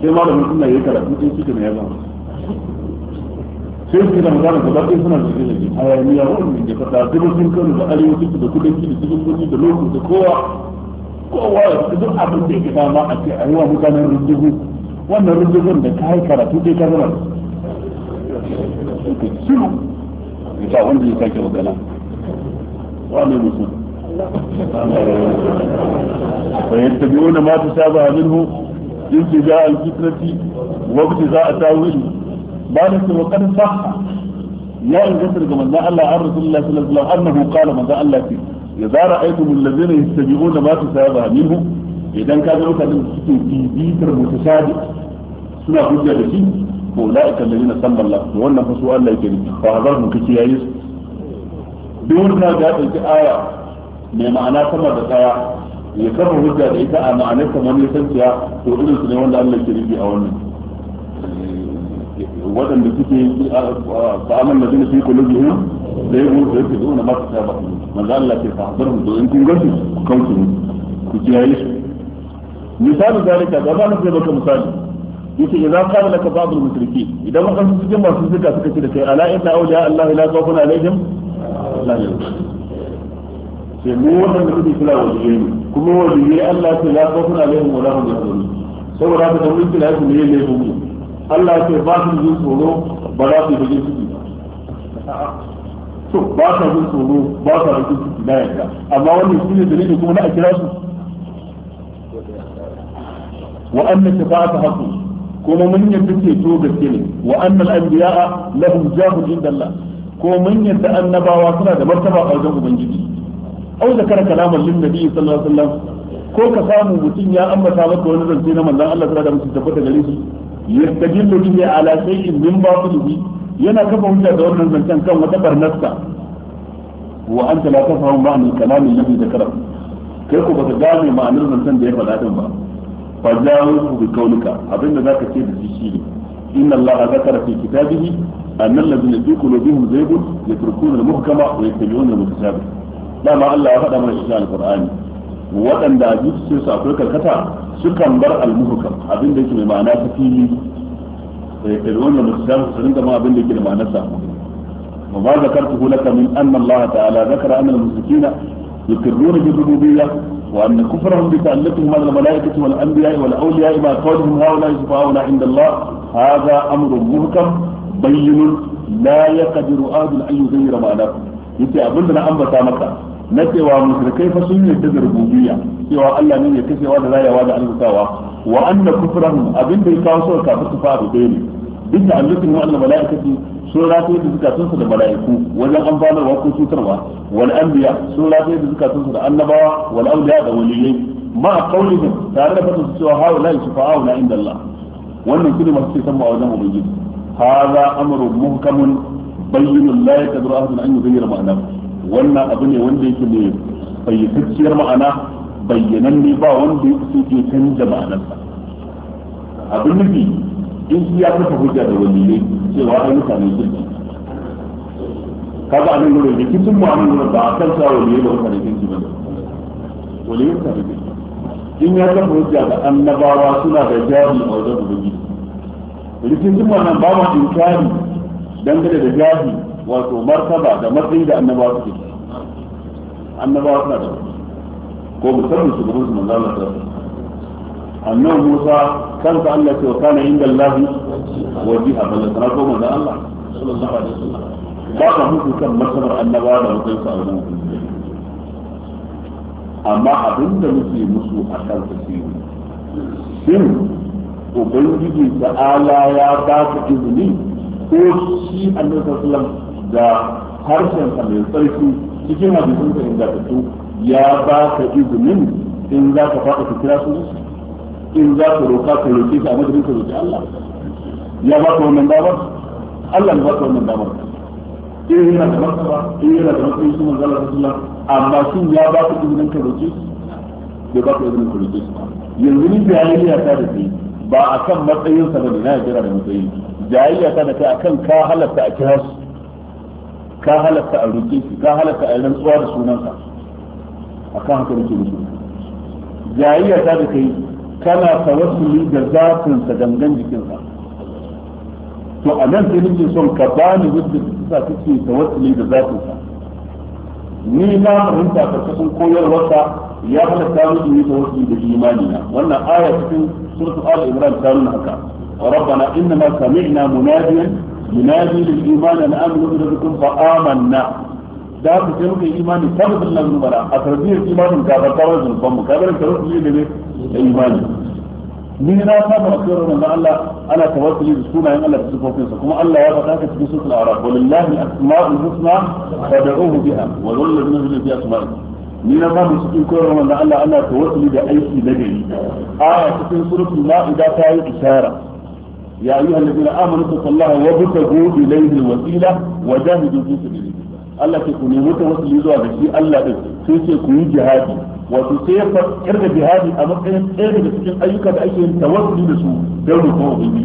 [SPEAKER 1] sai ma da mun suna yi karatu sun shi ne ya zama sai suke da magana da zafi suna da a yayin yawon da fata dubin sun kanu da arewacin da kudanci da cikin kudi da lokacin da kowa kowa ya duk abin da yake dama a ce a yi wa mutanen rundugu wannan rundugun da ka yi karatu dai ka zama shiru ya wanda ya sake magana wane mutum
[SPEAKER 2] فيتبعون
[SPEAKER 1] ما تشابه منه ابتغاء الفتنة وابتغاء تاويله ذلك وقد صح يا ان جسر كما الله عن رسول الله صلى الله عليه وسلم انه قال ماذا الله فيه إذا رأيتم الذين يستجيبون ما تسابع منهم إذا كان يوكا لهم سكين في بيتر متسابق سنة حجة لكي أولئك الذين سمى الله وأنا فسؤال لك فهذا مكتيايس دون ما جاءت الآية ما معنى سمى بكايا يكره حجة لكي أما أن يكتب من يسنسيا وإذا سنة وأنا أن لك لكي أولا وأنا لكي فأمن الذين في قلوبهم لا يقولون ما تسابق منهم manzo Allah ce fa mu don kun gasu ku kauce mu ku kiyaye su misalu zalika ga zanu zai baka misali yace idan ka laka ba'd al-mushriki idan wa kansu cikin masu zuka suka ce da kai ala inna awliya Allah la khawfun alaihim la sai mu wannan da kuke kula kuma wajibi Allah ce la khawfun alaihim wa la hum yahzanun saboda da mun kula su ne ne mu Allah ba su tsoro ba za su yi to ba sa jin tsoro ba sa da ciki na yadda amma wannan shine dalilin kuma na a kira su wa anna shafa'ata haqqu kuma mun yadda ce to gaske ne wa anna al-anbiya'a lahum jahun inda Allah ko mun yadda annabawa suna da martaba a wajen ubangiji au zakara kalaman lin nabi sallallahu alaihi wasallam ko ka samu mutum ya ambata maka wani zance na manzon Allah sallallahu alaihi wasallam tabbata gare shi yastajillu bihi ala shay'in min batilihi yana kafa hujja da wannan zancen kan wata barnasta wa an anta la tafhamu ma'anar kalamin nabi da karam kai ko baka gane ma'anar zancen da ya faɗa ɗin ba fa jawu bi kaunika abinda ka ce da shi shine inna allaha zakara fi kitabihi anna allazina fi qulubihim zaygun yatrukuna al-muhkama wa yattabi'una al-mutashabih dama Allah ya faɗa mana shi cikin alqur'ani waɗanda a zuciyarsu akwai karkata sukan bar al-muhkam abinda yake mai ma'ana ta fili da ya kari wannan musu shafi su rinka ma abin da ke da ma'anar samu wa ma zakartuhu laka min anna Allah ta'ala zakara anna al-musrikina yuqirruna bi rububiyyah wa anna kufrahum bi ta'allatuhum ala al-mala'ikati wal anbiya'i wal awliya'i ma qawluhum haula shufa'una 'inda Allah hadha amrun muhkam bayyinun la yaqdiru ahadun an yughayyira ma'anahu yace abinda na ambata maka na cewa mushrikai fa sun yarda da rububiyya cewa Allah ne ya kashewa da rayawa da arzikawa وأن كفرهم أبن بي كاو سوى كابو كفار بيني بنت أن يكون أن الملائكة سوى لا تيد زكاة سنسى الملائكة ولا أنبال وكو سوترها والأنبياء سوى لا تيد زكاة سنسى الأنباء والأولياء دوليين مع قولهم تعرف أن سوى هؤلاء شفاءنا عند الله وأن كل ما سيسمى أعلم بيجيب هذا أمر محكم بين لا يقدر أحد أن يغير معناه وأن أبني وأن يكون فيكتشير معناه bayyanan ne ba wanda ya so ke canza ma'anarsa abin nufi in shi ya kafa hujja da wani ne cewa ai sami kirki kaga anan gurin rikicin mu anan gurin ba a kan sa wani ne ba mutane kirki ba wani ne mutane kirki in ya kafa hujja da annabawa suna da jari a wajen ubangiji rikicin mu anan ba ma inkari dangane da jari wato martaba da matsayi da annabawa suke annabawa suna da ko musamman shugaban su manzo Allah sallallahu annabi Musa kansa Allah ce wa kana inda Allah wajiha bal sana ko manzo Allah sallallahu alaihi wasallam ba ka mutu kan masabar annaba da mutum sa a amma abin da muke musu a kan su shi shin ubangiji ta'ala ya ba ka izini ko shi annabi sallallahu alaihi wasallam da harshen sa mai tsarki cikin hadisin da inda ta ya ba ka izinin in za ka faɗa ka kira su in za ka roƙa ka roƙe shi a madadin ka roƙi Allah ya ba ka wannan damar Allah ya ba ka wannan damar in yana da martaba in yana da matsayin shi manzo Allah sallallahu amma shin ya ba ka izinin ka roƙe bai ba ka izinin ka roƙe yanzu ni jahiliya ta da kai ba a kan matsayinsa ba da na jira da matsayin jahiliya ta da kai akan ka halatta a kira su ka halatta a roƙe shi ka halatta a yi rantsuwa da sunansa akan haka nake da shi jayayya ta da kai kana tawassuli da zatinsa gangan jikinsa to a nan sai nake son ka bani hujjar da kake kake tawassuli da zatinsa ni na fahimta karkashin koyarwarsa ya halatta musu yi tawassuli da imani na wannan aya cikin suratul al imran ta nuna haka ربنا انما سمعنا مناديا ينادي للايمان ان امنوا بربكم فامنا da haka sai muka yi imani sabu da nan bara a tarbiyyar imanin gafarta wa zunuban mu kabarin tawassuli da ne da imani ni na saba a tsoron manzo Allah ana tawassuli da sunayen Allah da sifofinsa kuma Allah ya faɗa ka cikin suratul araf walillahi asmaul husna fad'uhu biha wa qul lil ladina fi asma'i ni na samu cikin koyarwar manzo Allah ana tawassuli da aiki na gari a cikin suratul ma'ida ta yi isharar يا أيها الذين آمنوا اتقوا الله وابتغوا إليه الوسيلة وجاهدوا في سبيله Allah ke ku nemi wasu zuwa ga shi Allah din sai ce ku yi jihadi wato sai ya fakar jihadi a matsayin ɗaya daga cikin ayyuka da ake yin tawassuli da su don roƙon ubangiji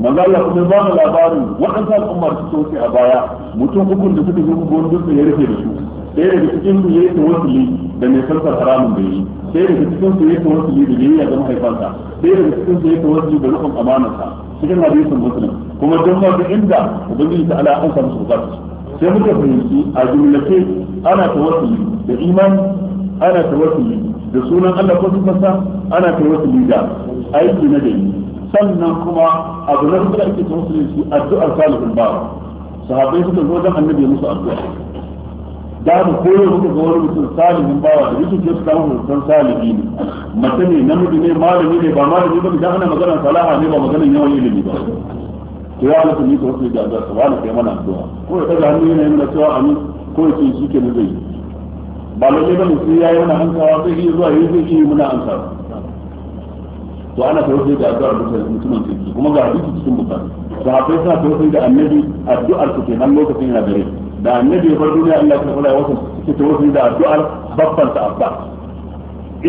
[SPEAKER 1] manzo Allah kuma ba mu labarin waɗansu al'umma da suka wuce a baya mutum uku da suka zo gona dutse ya rufe da su ɗaya daga cikin su ya yi tawassuli da mai sarfar haramun da yi ɗaya daga cikin su ya yi tawassuli da biyayya ga mahaifansa ɗaya daga cikin su ya yi tawassuli da rukun amanarsa cikin hadisin muslim kuma don ma inda ubangiji ta ala an samu su bukatu sai muka fahimci a jumlace ana tawassuli da iman ana tawassuli da sunan Allah ko sifarsa ana tawassuli da aiki na gari sannan kuma abu na da ake tawassuli su addu'ar salihul bawa sahabbai suka zo dan annabi musu addu'a da mu koyo suka ga wani mutum salihin bawa da yake ke samu mutum salihi ne mace ne namiji ne malami ne ba malami ba da ana magana salaha ne ba maganar yawan ilimi ba to ya masa ni ko sai da addu'a subhana kai mana addu'a ko ya daga hannu yana yana cewa amin ko ya ce shi ke zai yi ba lalle bane sai ya yi mana ansawa zai iya zuwa yi zai iya muna ansawa to ana tawassul da da addu'ar mutumin kirki kuma ga hadisi cikin bukari sahabbai suna tawassul da annabi addu'ar su kenan lokacin yana gare da annabi ya bar duniya Allah ya kula wasu suke tawassul da addu'ar babban sa abba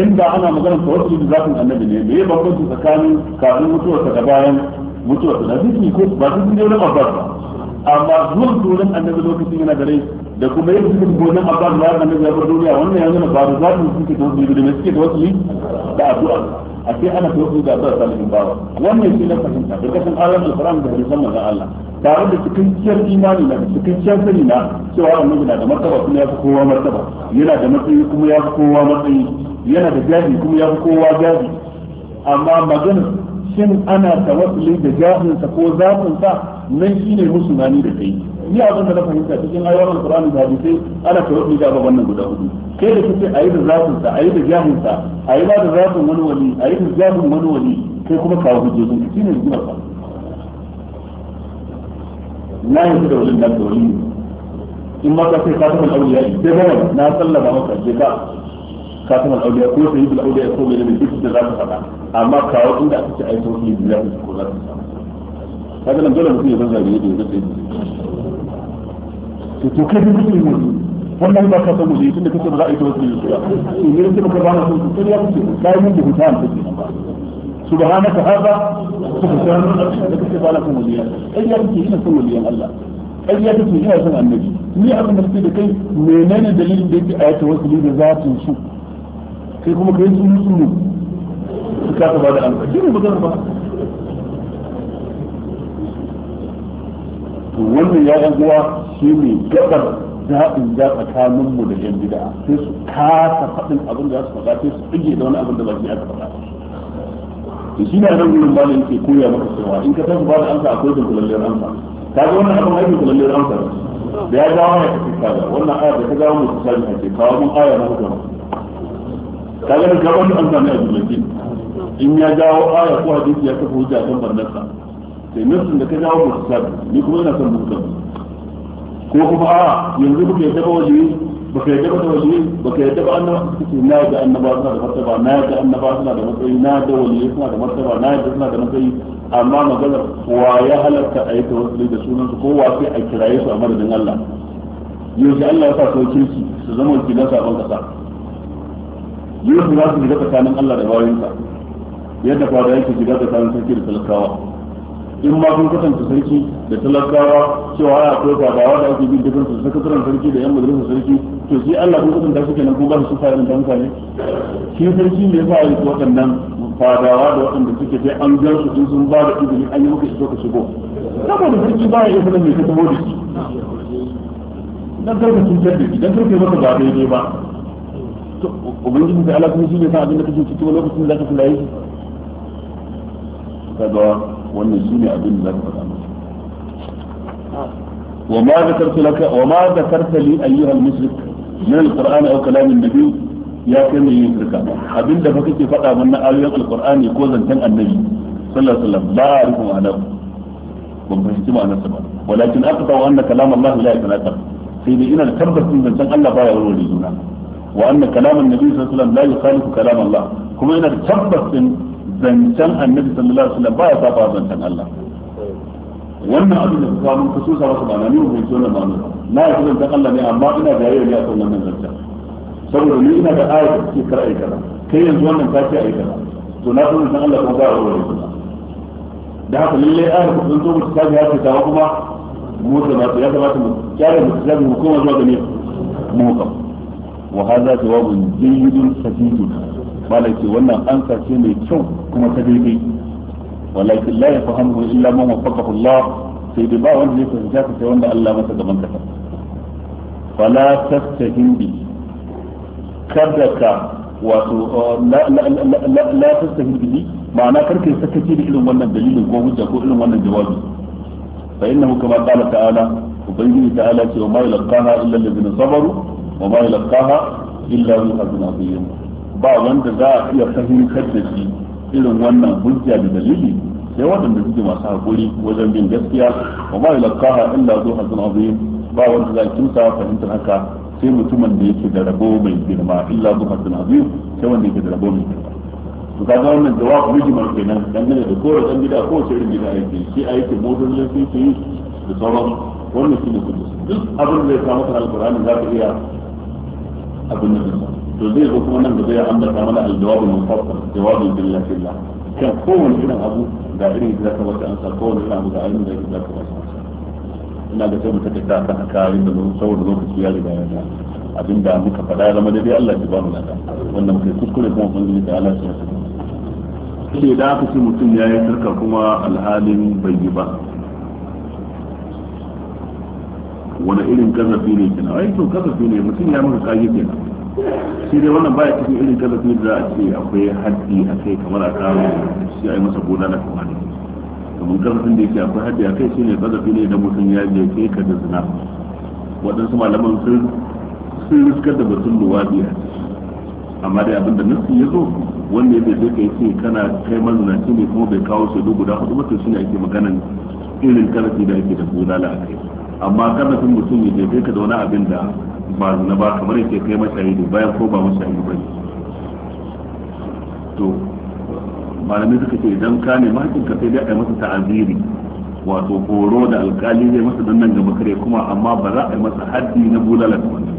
[SPEAKER 1] inda ana magana tawassul da zatin annabi ne me ya bambanci tsakanin kafin mutuwarsa ta bayan wasu na hadisi ko ba su ne na abbas amma zuwan turan annabi lokacin yana da rai da kuma yin cikin gonan abbas ba annabi ya bar duniya wannan ya nuna ba za zaɓi suke da wasu da suke da wasu yi da addu'a a ce ana tawakkali da Allah salihin bawa wannan shi na fahimta da kasan ayoyin alquran da hadisan manzon Allah tare da cikakkiyar imani na cikakkiyar sani na cewa annabi na da martaba kuma ya fi kowa martaba yana da matsayi kuma ya fi kowa matsayi yana da jahi kuma ya fi kowa jahi amma maganar shin ana tawassuli da jahinsa ko zafinsa nan shine musulmani da kai ni abin da na fahimta cikin ayoyin alqur'ani da hadisi ana tawassuli da wannan guda hudu kai da kace ayi da zafinsa ayi da jahinsa ayi ba da zafin wani wali ayi da jafin wani wani kai kuma kawo shi ne rigimar ka na yanzu da wajen da wani in ma ka sai ka taɓa auliya sai na sallama maka je خاتم الاولياء كل سيد الاولياء يقوم الى من جسد لا تفعل اما كاو عند اكتش اي توحي بلا تذكر لا هذا لم يكن مسلم يبنى لي يدي وزد يدي تتوكيد المسلم والله ما كاتم لي سنة كتب رأي توحي بلا تذكر يمير انتبه كبانا سنة كتب يا مسلم لا يمين بهتان تجي سبحانك هذا سبحان الله كتب لكم وليا اي يا مسلم هنا سنة وليا الله أي يا مسلم هنا سنة النبي ni abin da suke da kai menene dalilin da sai kuma kai su musu su kasa ba da amsa shi ne magana ba to wannan ya uwa shi ne gabar zaɓin ja tsakanin mu da yan bida sai su kasa faɗin abin da za su faɗa sai su ɗige da wani abin da ba shi aka faɗa to shi ne nan gudun ba yake koya maka cewa in ka tafi ba da amsa akwai dunkulalliyar amsa ka ga wannan abin aikin kulalliyar amsa da ya jawo ya tafi kaza wannan aya da ta jawo mu ta shafi ake kawo mun aya na hukumar
[SPEAKER 2] ka ga ka wani an sami abdullahi
[SPEAKER 1] in ya jawo aya ko hadisi ya kafa hujja kan barnarsa sai nufin da ka jawo mutsab ni kuma ina son mutum ko kuma a yanzu kuke yadda ba wajibi baka yadda ba da wajibi baka yadda ba annaba kuke na yadda annaba suna da martaba na yadda annaba suna da matsayi na yadda waliyai suna da martaba na yadda suna da matsayi amma magana wa ya halarta a yi tawassuli da sunansu ko wa sai a kiraye su a madadin Allah da Allah ya sa sauke su su zama wakilan sabon kasa yusuf za su shiga tsakanin Allah da bayansa yadda kwada yake shiga tsakanin sarki da talakawa in ma kun kasance sarki da talakawa cewa ya akwai kwadawa da ake bin dukkan su sakataren sarki da yan majalisar sarki to shi Allah kun kasance su kenan ko ba su sufa irin ta mutane shi sarki ne ba yi waɗannan fadawa da waɗanda suke sai an gan su in sun ba da izini an yi maka iso ka shigo saboda sarki ba ya iya sanin mai ka tabo da shi dan karfe cutar da shi dan karka masa ba daidai ba ومن يجب على كل شيء يفعل بينك جيد شكي ولو بسم الله في العيش فدعا ونزيني الله وما ذكرت لك وما ذكرت لي أيها المشرك من القرآن أو كلام النبي يا كم يفرك أبين دفكت فقط من آية القرآن يقول كان النبي صلى الله عليه وسلم لا أعرف ما أنا ومبهتم أنا ولكن أقطع أن كلام الله لا يتناسب سيدي إنا لتربس من ذنب الله بايا ولولي دونه وأن كلام النبي صلى الله عليه وسلم لا يخالف كلام الله كما إن تثبت زنشان النبي صلى الله عليه وسلم باية تابع زنشان الله wannan abin da su samu ka so masa ba na nuna bai tona ba na yi kudin dan Allah ne amma ina da yayi ne a kan wannan zance saboda ni ina da ayat da ke kar aika kai yanzu wannan ta ce aika to na kudin dan Allah kuma ba a wurin kuma da haka lalle ayat da sun zo mutu ta ya ce ta kuma mu da ba ya kamata mu kyara mu tsaya mu koma zuwa ga ne mu kuma wa hadha jawabun jayyidun sadiqun malai ce wannan ansa ce mai kyau kuma ta daidai walakin la yafahamu illa man waffaqahu sai dai ba wanda ya fahimta ka sai wanda Allah masa gaban ka fala tastahin bi kada ka wato uh, la tastahin bi ma'ana karka yi sakaci da irin wannan dalilin ko hujja ko irin wannan jawabi fa innahu ta'ala ce wa ma illa sabaru وما يلقاها إلا روح ابن عظيم بعض أنت ذا في أفهم كدسي إلا وانا بجع بدليل سوى أن نجد ما سأقولي وزن بين جسيا وما يلقاها إلا روح ابن عظيم بعض أنت ذا كمسا فهمت لك سيما ثم أن يكد ربو من كرما إلا روح ابن عظيم سوى أن يكد ربو من كرما وكذا أن الجواب بجمع كنا لأن الذكور أن يدعى هو سيئر جدا يجي شيء أي تبوضر لكي في بصرم وانا سيئر كدس أبن الله يسامة القرآن ذاك إياه abin nan to zai zo kuma nan da zai ambata mana aljawabul mufassal jawabul billah billah kan kowane irin abu ga irin da zaka wata ansa kowane irin abu ga irin da zaka wata ansa ina ga sai mu take ta kan haka inda saboda lokaci ya riga ya abinda muka faɗa zama daidai Allah ya ba mu lada wannan kai kuskure kuma ubangiji da Allah ya sa shi da aka ce mutum ya yi sarka kuma alhalin bai yi ba wani irin kazafi ne kenan ai to kazafi ne mutum ya maka kage kenan shi dai wannan baya cikin irin kazafi da za a ce akwai haddi a kai kamar a kawo shi a yi masa na kamar ne kamar kazafin da yake akwai haddi a kai shi ne kazafi ne da mutum ya je kai ka da zina waɗansu malaman sun sun riskar da batun luwaɗi a amma dai abin da nufi ya zo wanda ya bai kai ce kana kai mazinaci ne kuma bai kawo shaidu guda hudu ba to shi ne ake maganan irin karfi da ake da gudana a kai amma kada sun mutum ya je ka da wani abin da ba na ba kamar yake kai mashahidu bayan ko ba mashahidu ba to malamai suka ce idan ka ne mahaifin ka sai dai a yi masa ta'aziri wato horo da alkali zai masa don nan gaba kare kuma amma ba za a yi masa haddi na bulala da wannan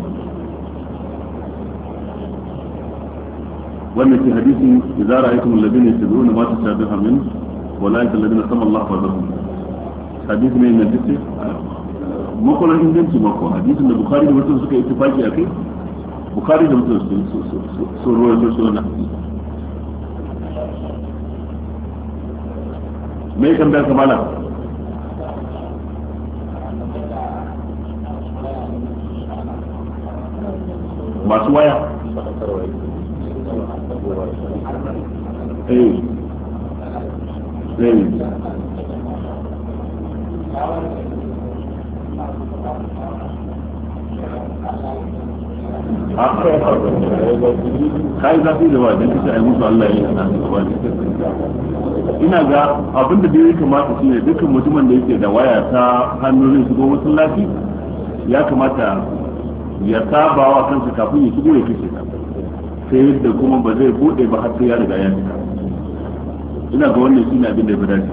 [SPEAKER 1] wannan ke hadisin idza ra'aytum alladhina yasduruna ma tashabaha min walakin na saman Allah fa hadisi ne mai dace makwalar inganci mako hadisin da bukari da mutum suka yi tufaki a kai bukari da mutum sun ruwan da su na
[SPEAKER 2] me kan da kamala masu waya eh eh kai zafi da wa don kisa ai musu Allah ya yi a nan gaba ina ga
[SPEAKER 1] abin da bai kamata su shine dukkan mutumin da yake da waya ta hannu zai shigo masallaci ya kamata ya saba wa kansa kafin ya shigo ya kashe ta sai yadda kuma ba zai bude ba har sai ya riga ya fita ina ga wannan shine abin da ya dace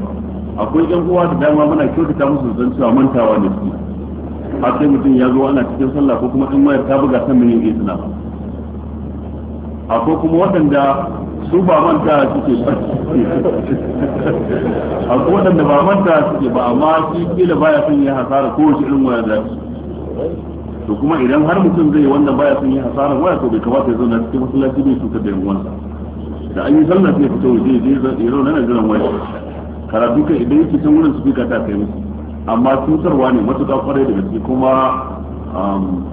[SPEAKER 1] akwai yan uwa da dama muna kyautata musu zan cewa mantawa ne su har sai mutum ya zo ana cikin sallah ko kuma in mayar ta buga san mai yin suna akwai kuma waɗanda su ba manta suke ba akwai waɗanda ba manta suke ba amma shi kila baya son yi hasara ko shi irin waya da to kuma idan har mutum zai wanda baya son yi hasara waya to bai kamata ya zauna cikin masallaci bai cutar da yan da an yi sallah sai fito ya je ya na jiran waya karatu kai idan yake can wurin su fika ta kai musu amma cutarwa ne matuƙa kwarai da gaske kuma um,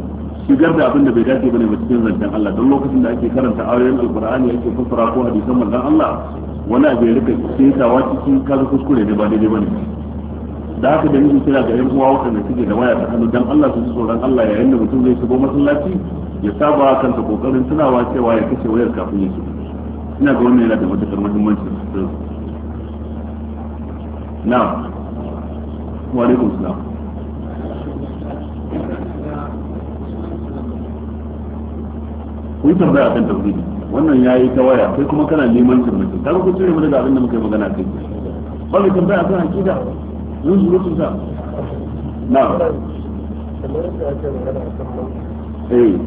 [SPEAKER 1] shigar da abin da bai dace bane ba cikin zancen Allah don lokacin da ake karanta ayoyin alqur'ani ake fassara ko hadisan manzon Allah wani abu ya rika ketawa cikin kaza kuskure ne ba daidai ne da haka da yin kira ga yan uwa waɗanda suke da waya ta hannu dan Allah su tsoron Allah yayin da mutum zai shigo masallaci ya saba kanta kokarin tunawa cewa ya kace wayar kafin ya shigo ina ga wannan yana da matuƙar muhimmanci na'am wa alaikum salam kun tambaya akan tauhidi wannan yayi ta waya kai kuma kana neman sirrin ka ku cire mu daga abin da muka yi magana kai ba mu tambaya akan hakika mun zuru tun ta na
[SPEAKER 2] eh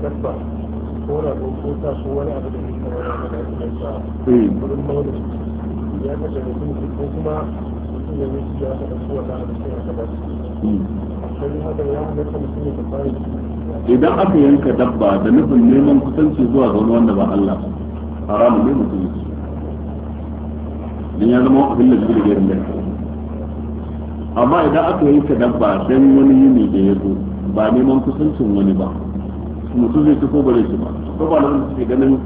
[SPEAKER 2] kamar ko ko ta wani abu da ke da maulid hmm. ya kashe ko kuma ya abu aka ya hmm. idan aka
[SPEAKER 1] yanka dabba da nufin neman kusanci zuwa ga wani wanda ba Allah haramun ne mutum dan ya zama abin da zai amma idan aka yanka dabba dan wani yini da ya ba neman kusancin wani ba mutum zai ci ko ba zai ci ba ko ba nan suke ganin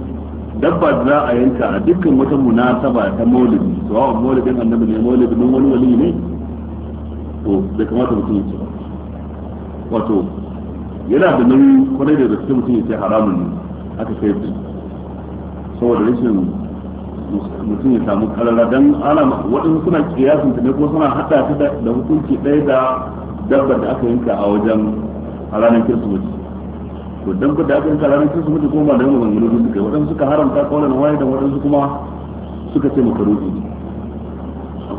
[SPEAKER 1] dabba da za a yanka a dukkan wata munasaba ta maulidi to wa maulidin annabi ne maulidin wani wali ne to bai kamata mutum ya ci ba wato yana da nauyi kwarai da gaske mutum ya ce haramun ne aka kai saboda rashin mutum ya samu karara don alama waɗansu suna kiyasin ta ne ko suna haɗa ta da hukunci ɗaya da dabbar da aka yanka a wajen a ranar kirsimeti to dan ku da kun kalaran sun mutu kuma ba da yawan maganganu suka yi waɗansu suka haramta kaulan waye da waɗansu kuma suka ce makaruhi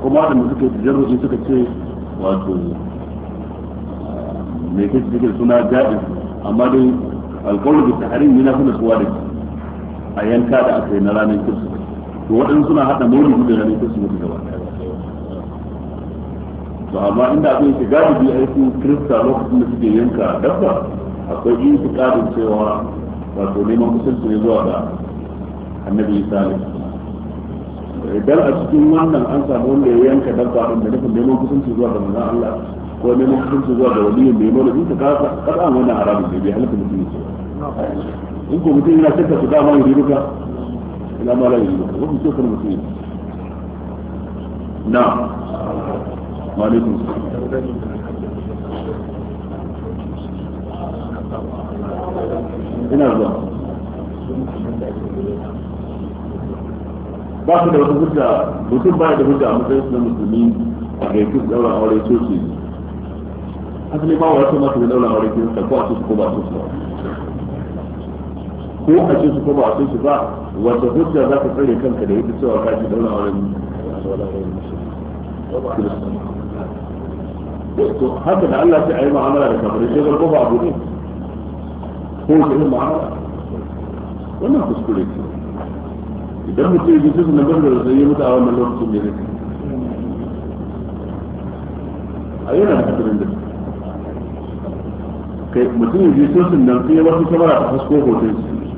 [SPEAKER 1] kuma waɗanda suka yi tajarrufi suka ce wato ah, Me kai cikin suna jaɗin amma dai alkawar da taharin yana kuma kowa da a yanka da aka yi na ranar kirsu to waɗansu suna haɗa maurin da ranar kirsu mutu gaba to amma inda abin shiga da biyu aiki kirista lokacin da suke yanka dabba akwai yin su ƙarin cewa wato neman kusanci ne zuwa ga annabi isa ne idan a cikin wannan an samu wanda ya yanka dabba din da nufin neman kusanci zuwa ga manzon Allah ko neman kusanci zuwa ga waliyin da ya nuna duka kada wannan haramun ne bai halatta mutum
[SPEAKER 2] ne
[SPEAKER 1] in ko mutum yana shakka su dama yuri duka ila ma la yuri duka wani shakka mutum ne na malikum ina zuwa ba su da wata hujja mutum baya da hujja a matsayin su na musulmi a ga yankin daura aure coci asali ba wa ma su da daura aure kirista ko a su ko ba su ba
[SPEAKER 2] ko a su ko ba su
[SPEAKER 1] ba wata hujja za ka tsare kanka da yadda cewa ka ji daura aure to haka da Allah sai a yi ma'amala da kafirai sai zarko ba abu ne ko ya wannan kuskure ne idan mutum ya ji na bar da zai yi mutu a wannan lokacin ne a yana da kusurin da kai mutum ya ji sosin nan sai wasu kamara a hasko hoton su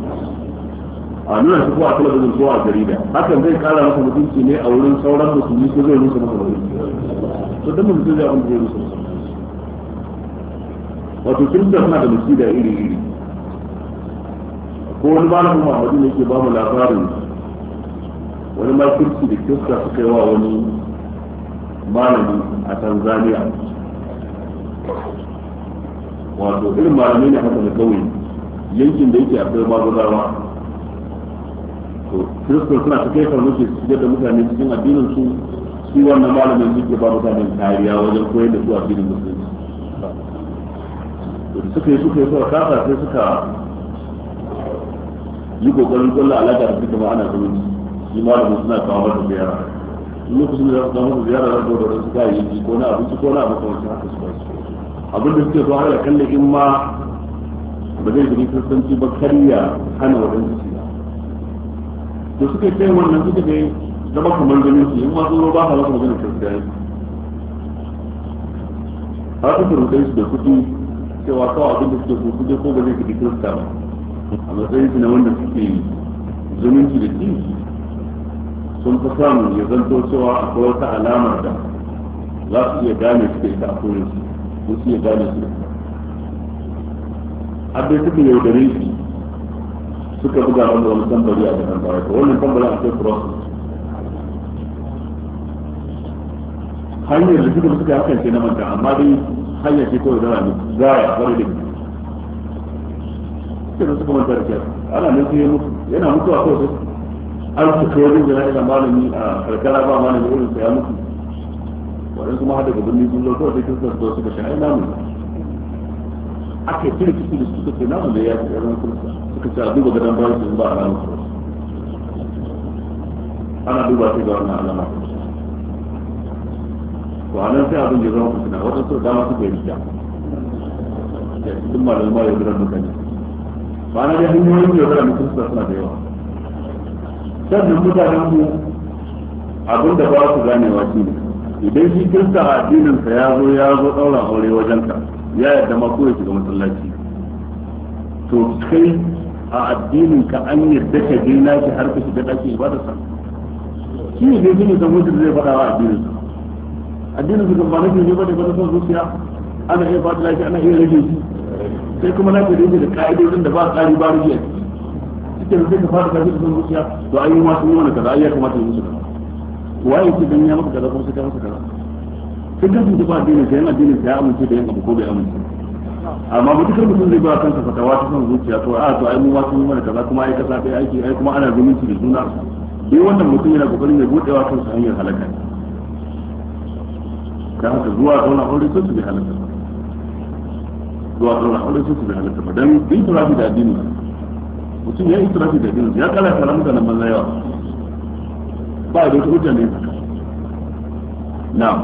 [SPEAKER 1] a nuna shi ko a talabijin ko a jarida hakan zai kara masa mutunci ne a wurin sauran musulmi ko zai rusa masa mutunci to dan mutum zai abin da zai rusa wato kirista suna da musida iri iri ko wani malamin Muhammadu ne ke ba mu labarin wani makirci da kirka su kai wa wani malami a Tanzania wato irin malamai ne haka da kawai yankin da yake kai magudawa to kirka suna su kai ke su da mutane cikin addinin su shi wannan malamin yake ba mutane kariya wajen koyar da su addinin musulunci suka yi suka yi suka kasa sai suka yi kokarin ala alaka da suka ana zumunci shi malamin suna kawo masa ziyara lokacin da za su kawo masa ziyara za su da wasu ko na abinci ko na abu kamar haka su ba su abin da suke zuwa da kalle in ma ba zai gani kristanci ba karya hana waɗansu shi da suka kai wannan suka kai zama kamar ganin su in ma sun ba ka masa magana kristanci har suka rubuta su da kuɗi cewa kawai abin da suke kuɗi ko ba zai gani kirista ba a matsayin su na wanda suke zumunci da shi sun fi samu ya zanto cewa akwai wata alamar da za su iya gane su da ita a kone su su iya gane su da ita abin suka yaudare shi suka buga wanda wani tambari a gaban baya Wani wannan tambari akwai process hanyar da suka suka hakan ke na manta amma dai hanyar ce kawai zara ne a kwarai da suke da suka manta da kiyar ana nan sai ya mutu yana mutuwa kawai sai an su kai wajen jana'i da malami a karkara ba malami wurin sa ya mutu waɗansu ma haɗa gabanin sun zo kawai sai kristan zo suka shi ai namu aka yi cire kisu da suka ce namu da ya fi ɗan kirista suka ce a duba gadon bayan su ba a ranar su ana duba sai ga wannan alama to a nan sai abin ya zama fitina waɗansu da dama suka yi rija ya cikin malamai ya gudanar mutane ba na dai hanyoyin yaudara na kirista suna da yawa sannan mutanen mu abin da ba su ganewa shi ne idan shi kirista a addininsa ya zo ya zo ɗaura aure wajenka ya yarda ma ko shiga masallaci to kai a addinin ka an yarda ka je na shi har ka shiga ɗakin ibadarsa shi ne dai shi san mutum zai faɗa wa addininsa addinin ba na ne ba da ba da son zuciya ana iya faɗi lafiya ana iya rage shi sai kuma na gari da da ka'idodin da ba tsari ba rubiya cikin sai ka fara karfi da sun zuciya to ayi ma sun yi mana kaza ayyar mata yi musu kaza waye ce dan ya maka kaza kuma sai ka masa kaza sai ka tuntuba addinin ka yana addinin ka ya amince da yin abu ko bai amince amma ba dukkan mutum zai ba kansa fatawa ta son zuciya to a to ai mu ma sun yi mana kaza kuma ai kasa kai aiki ai kuma ana zumunci da juna dai wannan mutum yana kokarin ya wa kansa hanyar halaka ta haka zuwa zauna hori sun su bi halaka dua orang oleh itu sudah ada kepada dan itulah tidak adil maksudnya itulah tidak adil ya kalau salam dan nama saya apa itu itu jadi nah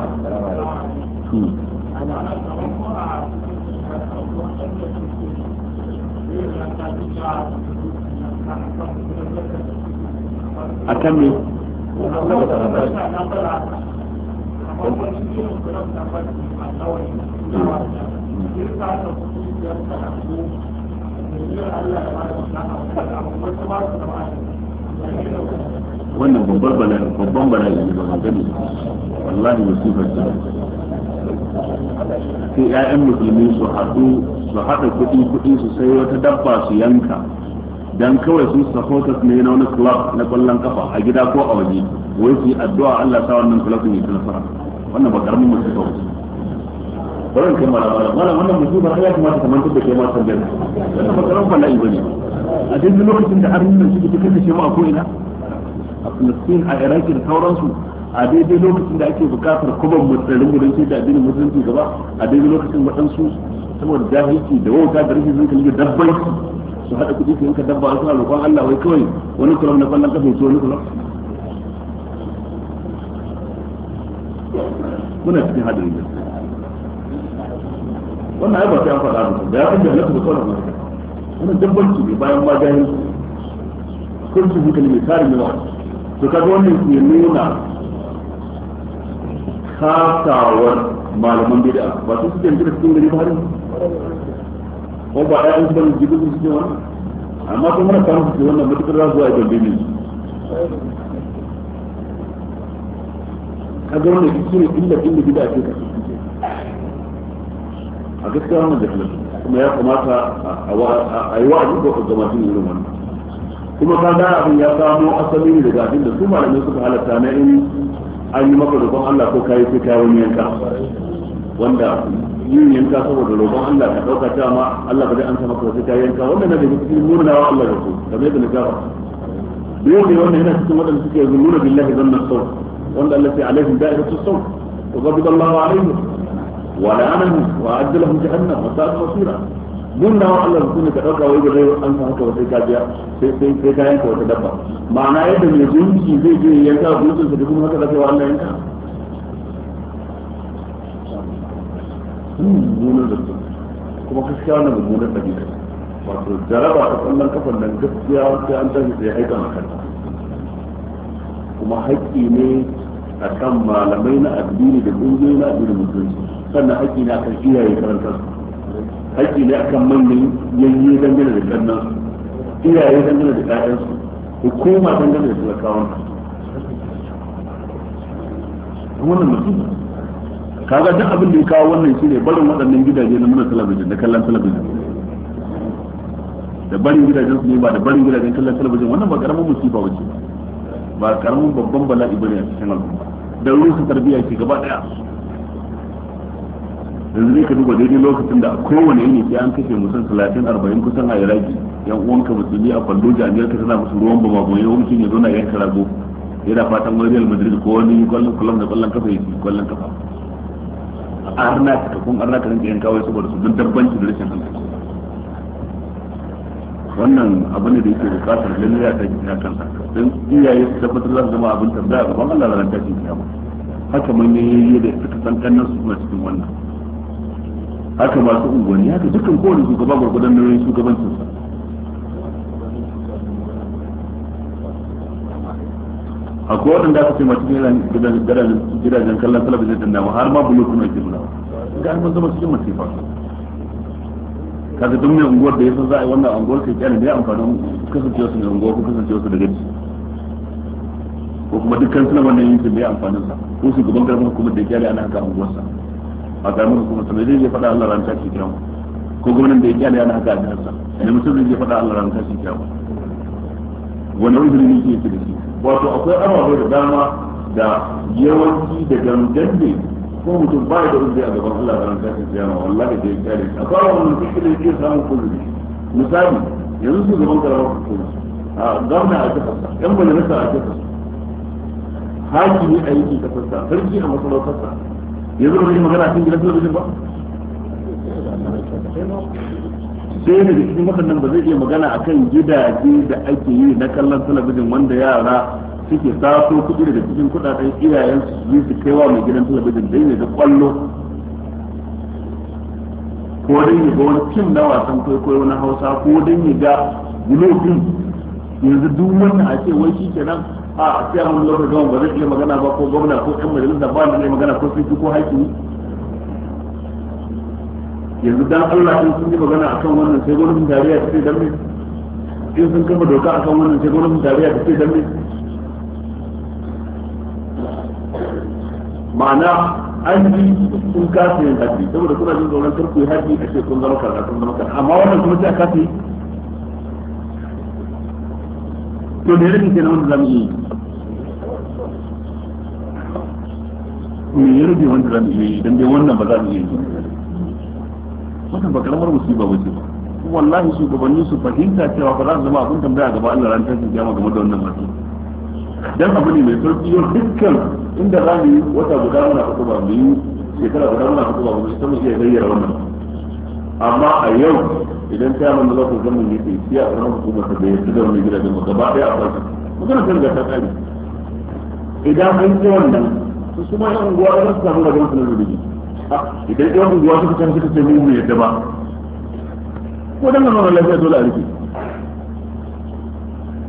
[SPEAKER 2] akan ni Thank hmm. you. wannan
[SPEAKER 1] babbar bala'i babban bala'i ne ba gani wallahi musifar ta sai ƴaƴan musulmi su haɗu su haɗa kuɗi kuɗi su sai wata dabba su yanka dan kawai sun supporters ne na wani club na ƙwallon kafa a gida ko a waje wai su yi addu'a Allah sa wannan club ne ta nasara wannan ba karamin musifa ba bari in kai malamala malam wannan musiba ta ya kamata ka mantar da kai ma tambayar wannan makaran bala'i bane a duk lokacin da arnuna suke ta kashe mu a ko'ina a Filistin a Iraki da sauransu a daidai lokacin da ake bukatar kuban mutsarin gudun ce da addinin musulunci gaba a daidai lokacin waɗansu saboda jahilci da wauta da rashin zuwa da dabbanci su haɗa kuɗi su yanka dabba suna roƙon Allah wai kawai wani kuram na kwallon kafa ya wani kuram muna cikin hadari gaskiya wannan ai ba sai an faɗa mutum da ya san jannatu ba sauran mutum wannan dabbanci ne bayan ma jahil kun su hankali mai tarin yawa to kaga wannan ke nuna kasawar malaman bid'a ba su suke yanzu cikin gari ba har ko ba ɗaya an su bane jibin su ne wannan amma kuma na samun suke wannan matuƙar za su zuwa idan ne kaga wannan shi ne illa inda bid'a ce ka a gaskiya wannan da kuma kuma ya kamata a yi wa'azi ko gabatin irin wannan kuma ka ga abin ya samo asali ne daga abin da su malamai suka halatta na in an yi maka roƙon Allah ko kayi sai kayi wani yanka wanda yin yanka saboda roƙon Allah ka ɗauka dama Allah ba zai an sama kawai ta yanka wannan na daga cikin wa Allah da su game da nagaba biyu ne wannan yana cikin waɗanda suke zununa billahi zanna sau wanda Allah sai alaihim da'iratu sau wa ghadiba alaihim ولعنهم وأعد لهم جهنم وساءت مصيرا munna wa Allah mutum ka dauka wai ba zai an san haka ba sai ka biya sai sai sai ka yanka wata dabba ma'ana yadda mai gunki zai je yanka gunkin sa kuma haka zai wa Allah yanka mummunan da kuma gaskiya wannan mummunan ɗabi'a wato jaraba ta tsallan kafan nan gaskiya sai an tashi sai haika makar kuma haƙƙi ne a kan malamai na addini da ƙungiyoyi na addinin musulunci sannan haƙƙi na kan iyaye karantar haƙƙi ne akan manyan yanyi dangane da kannan iyaye dangane da ƴaƴansu hukuma dangane da talakawan wannan mutum kaga duk abin da ya kawo wannan shine barin waɗannan gidaje na muna talabijin da kallon talabijin da barin gidajen su ne ba da barin gidajen kallon talabijin wannan ba karamin musiba wace ba karamin babban bala'i bane a cikin al'umma da rusa tarbiyya ke gaba daya yanzu ne ka duba daidai lokacin da kowane yini sai an kashe musan talatin arba'in kusan a iraki yan uwanka musulmi a kwallo jami'ar ka tana musu ruwan bama bama wani shi ne zo na yan karago yana fatan wani real madrid ko wani kwallon kwallon da kwallon kafa yake kwallon kafa a arna ka kun arna ka rinka yanka kawai saboda su don dabbanci da rashin hankali wannan abin da yake bukatar lalle ya ta gina kansa don iyaye su tabbatar za su zama abin tambaya gaban Allah ranar tashin kiyama haka manyan yayi da suka san kannan su suna cikin wannan haka masu unguwanni haka dukkan kowane shugaba gwargwadon nauyin a akwai waɗanda aka ce masu gidajen kallon talabijin din dandamu har ma bulu kuma ke nuna ga an zama cikin mace kaga duk mai unguwar da ya san za a yi wannan unguwar kai kyale ne amfani kasancewa su ne unguwar ko kasancewa su da gaji ko kuma dukkan suna wannan yankin ya amfanin sa ko gaban garban kuma da ya kyale ana haka unguwarsa a ga muku kuma sabai zai faɗa Allah ran tashi kiyama ko kuma gwamnan da ya kyale yana haka a jiharsa ne mutum zai faɗa Allah ran tashi kiyama wani uzuri ne yake da shi wato akwai ababe da dama da yawanci da gangan ne ko mutum ba da uzuri a gaban Allah ran tashi kiyama wallahi da ya kyale akwai wani cikin da ke samun uzuri misali yanzu su gaban karamar hukuma a gwamna a kasa yan majalisa a jiharsa hakimi a yankin kasa sarki a masarautarsa yanzu ba zai magana cikin gidan talabijin ba sai da cikin ba zai iya magana kan gidaje da ake yi na kallon talabijin wanda yara suke sato kuɗi daga cikin kuɗaɗen iyayen su yi su kai wa mai gidan talabijin dai ne da kwallo ko dai ne ga wani fim na wasan kwaikwayo na hausa ko dai ne ga gulobin yanzu duk wannan a ce wai shi kenan a a a mun lokacin gama ba zai iya magana ba ko gwamna ko ɗan majalisa ba da zai magana ko sun ko haiki yanzu dan Allah in sun yi magana akan wannan sai gwamnatin tarayya ta ce dan in sun kama doka akan wannan sai gwamnatin tarayya ta ce dan ma'ana an yi sun kasa yin haji saboda kuna jin tsoron karku yi haji a ce kun zama karatu kun zama karatu amma wannan kuma sai a kasa to da rubin kenan wanda zamu yi me ya rubi wanda zamu yi dan dai wannan ba za mu yi wannan ba karamar musiba ba ce ba wallahi shugabanni su fahimta cewa ba za su zama abin tambaya gaba Allah ran tashin kiyama game da wannan mutum dan abu ne mai sauki yau dukkan inda za mu yi wata guda muna fito ba mu yi shekara guda muna fito ba mu yi ta mu iya gayyara wannan amma a yau idan ta yaman da za ku zama yake shi a ƙaramar hukumar ta da ya da wani ba ɗaya a ba su magana kan gasa tsari idan an ce wannan su su yan unguwa za su samu rabon su na rubuci idan yan unguwa suka can suka ce mu mu yadda ba ko dan nan lafiya dole a rike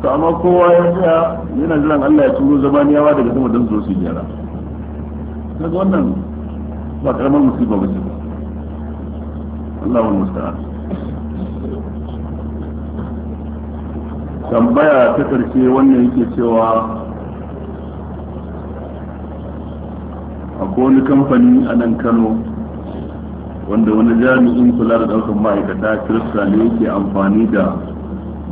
[SPEAKER 1] to amma kowa ya tsaya yana jiran Allah ya turo zamaniyawa daga sama dan zo su gyara kaga wannan ba karamar musiba ba ce Allah wani musta'an tambaya ta ƙarshe wannan yake cewa a wani kamfani a nan kano wanda wani jami'in kula da ɗaukar ma'aikata kirista ne yake amfani da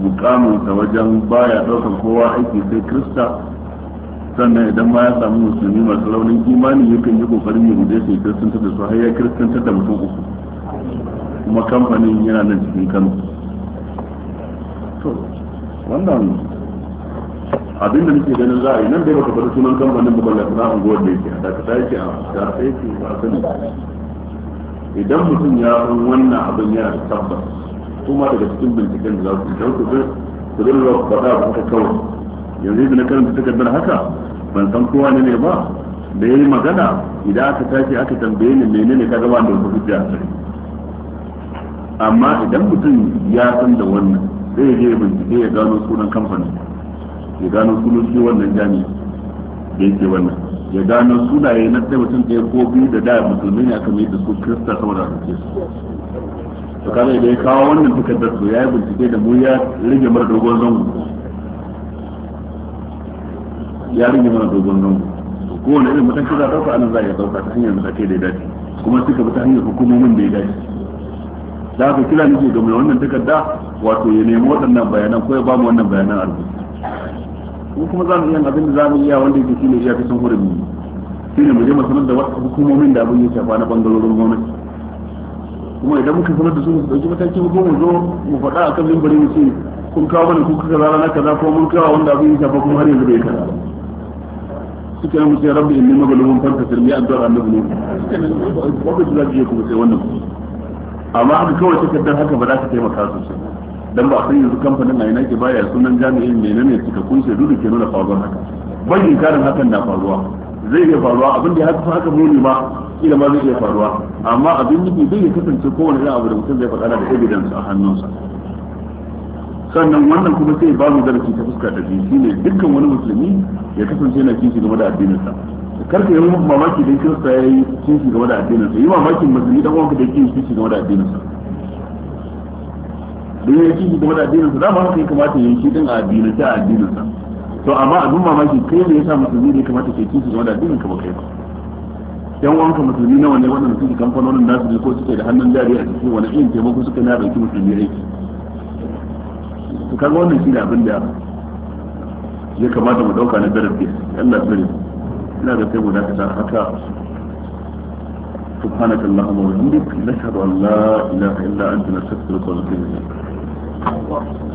[SPEAKER 1] mukaminsa wajen baya ɗaukar kowa aiki sai kirista sannan idan ma ya samu musulmi masu launin imani yakan yi kokarin ya da su har ya kirsantar da mutum uku kuma kamfanin yana nan cikin kano wannan abin da nake ganin za a yi nan dai baka faɗi sunan kamfanin ba balla na unguwar da yake a dakata yake a dakata yake ba a sani idan mutum ya san wannan abin yana da tabbas kuma daga cikin binciken da za su yi su su zai zuwa faɗa a haka kawai yanzu yadda na da takardar haka ban san kowa ne ne ba da ya yi magana idan aka tashi aka tambaye ni menene ka gaba da wasu hujja a sarki amma idan mutum ya san da wannan zai je bincike ya gano sunan kamfani ya gano sunan shi wannan jami da yake wannan ya gano sunaye na ɗaya mutum ɗaya ko biyu da da musulmi ne aka mai da su kirista sama da ake su to kaga idan ya kawo wannan takardar su ya yi bincike da mu ya rage mara dogon zango ya rage mara dogon zango kowane irin mutum shi za a ɗauka anan za a iya ɗauka ta hanyar da ta ke dace kuma suka bi ta hanyar hukumomin da ya dace da haka kira nake ga mai wannan takarda wato ya nemi waɗannan bayanan ko ya ba mu wannan bayanan arziki ko kuma za mu iya abin da za mu iya wanda yake shine ya fi kasan hurumi shi ne mu je mu sanar da wasu hukumomin da abin ya shafa na bangarorin gwamnati kuma idan muka sanar da su mu dauki mataki mu mu zo mu faɗa a kan limbari mu ce kun kawo mana kuka kaza na kaza ko mun kawo wanda abin ya shafa kuma har yanzu bai kaza suka yi mu ce rabbi inni magalubun fanta sirmi addu'ar annabi ne suka ne ba ku za ku je ku sai wannan amma haka kawai takardar haka ba za ta taimaka sosai dan ba san yanzu kamfanin na yana ke baya sunan jami'in menene suka kunshe duk ke nuna faruwar haka ban inkarin hakan na faruwa zai iya faruwa abin da ya haka haka muni ma kila ma zai iya faruwa amma abin nufi zai iya kasance kowane irin abu da mutum zai faɗa da evidence a hannunsa sannan wannan kuma sai ba mu darasi ta fuska da shi shine dukkan wani musulmi ya kasance yana kishi game da addinin sa kar ka yi mamaki da kirista ya yi sun ga game da addininsa yi mamakin musulmi dan wanka da yake sun shi game da addininsa da ya yi game da addininsa dama haka ya kamata ya yi shi din a addininsa a addininsa to amma abin mamaki kai ne yasa musulmi ne kamata ke kishi game da addinin ka ba kai ba yan wanka musulmi nawa ne waɗanda suke kamfanonin nasu ne ko suke da hannun jari a cikin wani irin taimako suka na ɗauki musulmi aiki to kaga wannan shi ne abin da ya kamata mu ɗauka na darasi Allah tsare لا ده تيمو ذاك حكى سبحانك اللهم
[SPEAKER 2] وبحمدك نشهد ان لا اله الا انت نستغفرك ونتوب اليك الله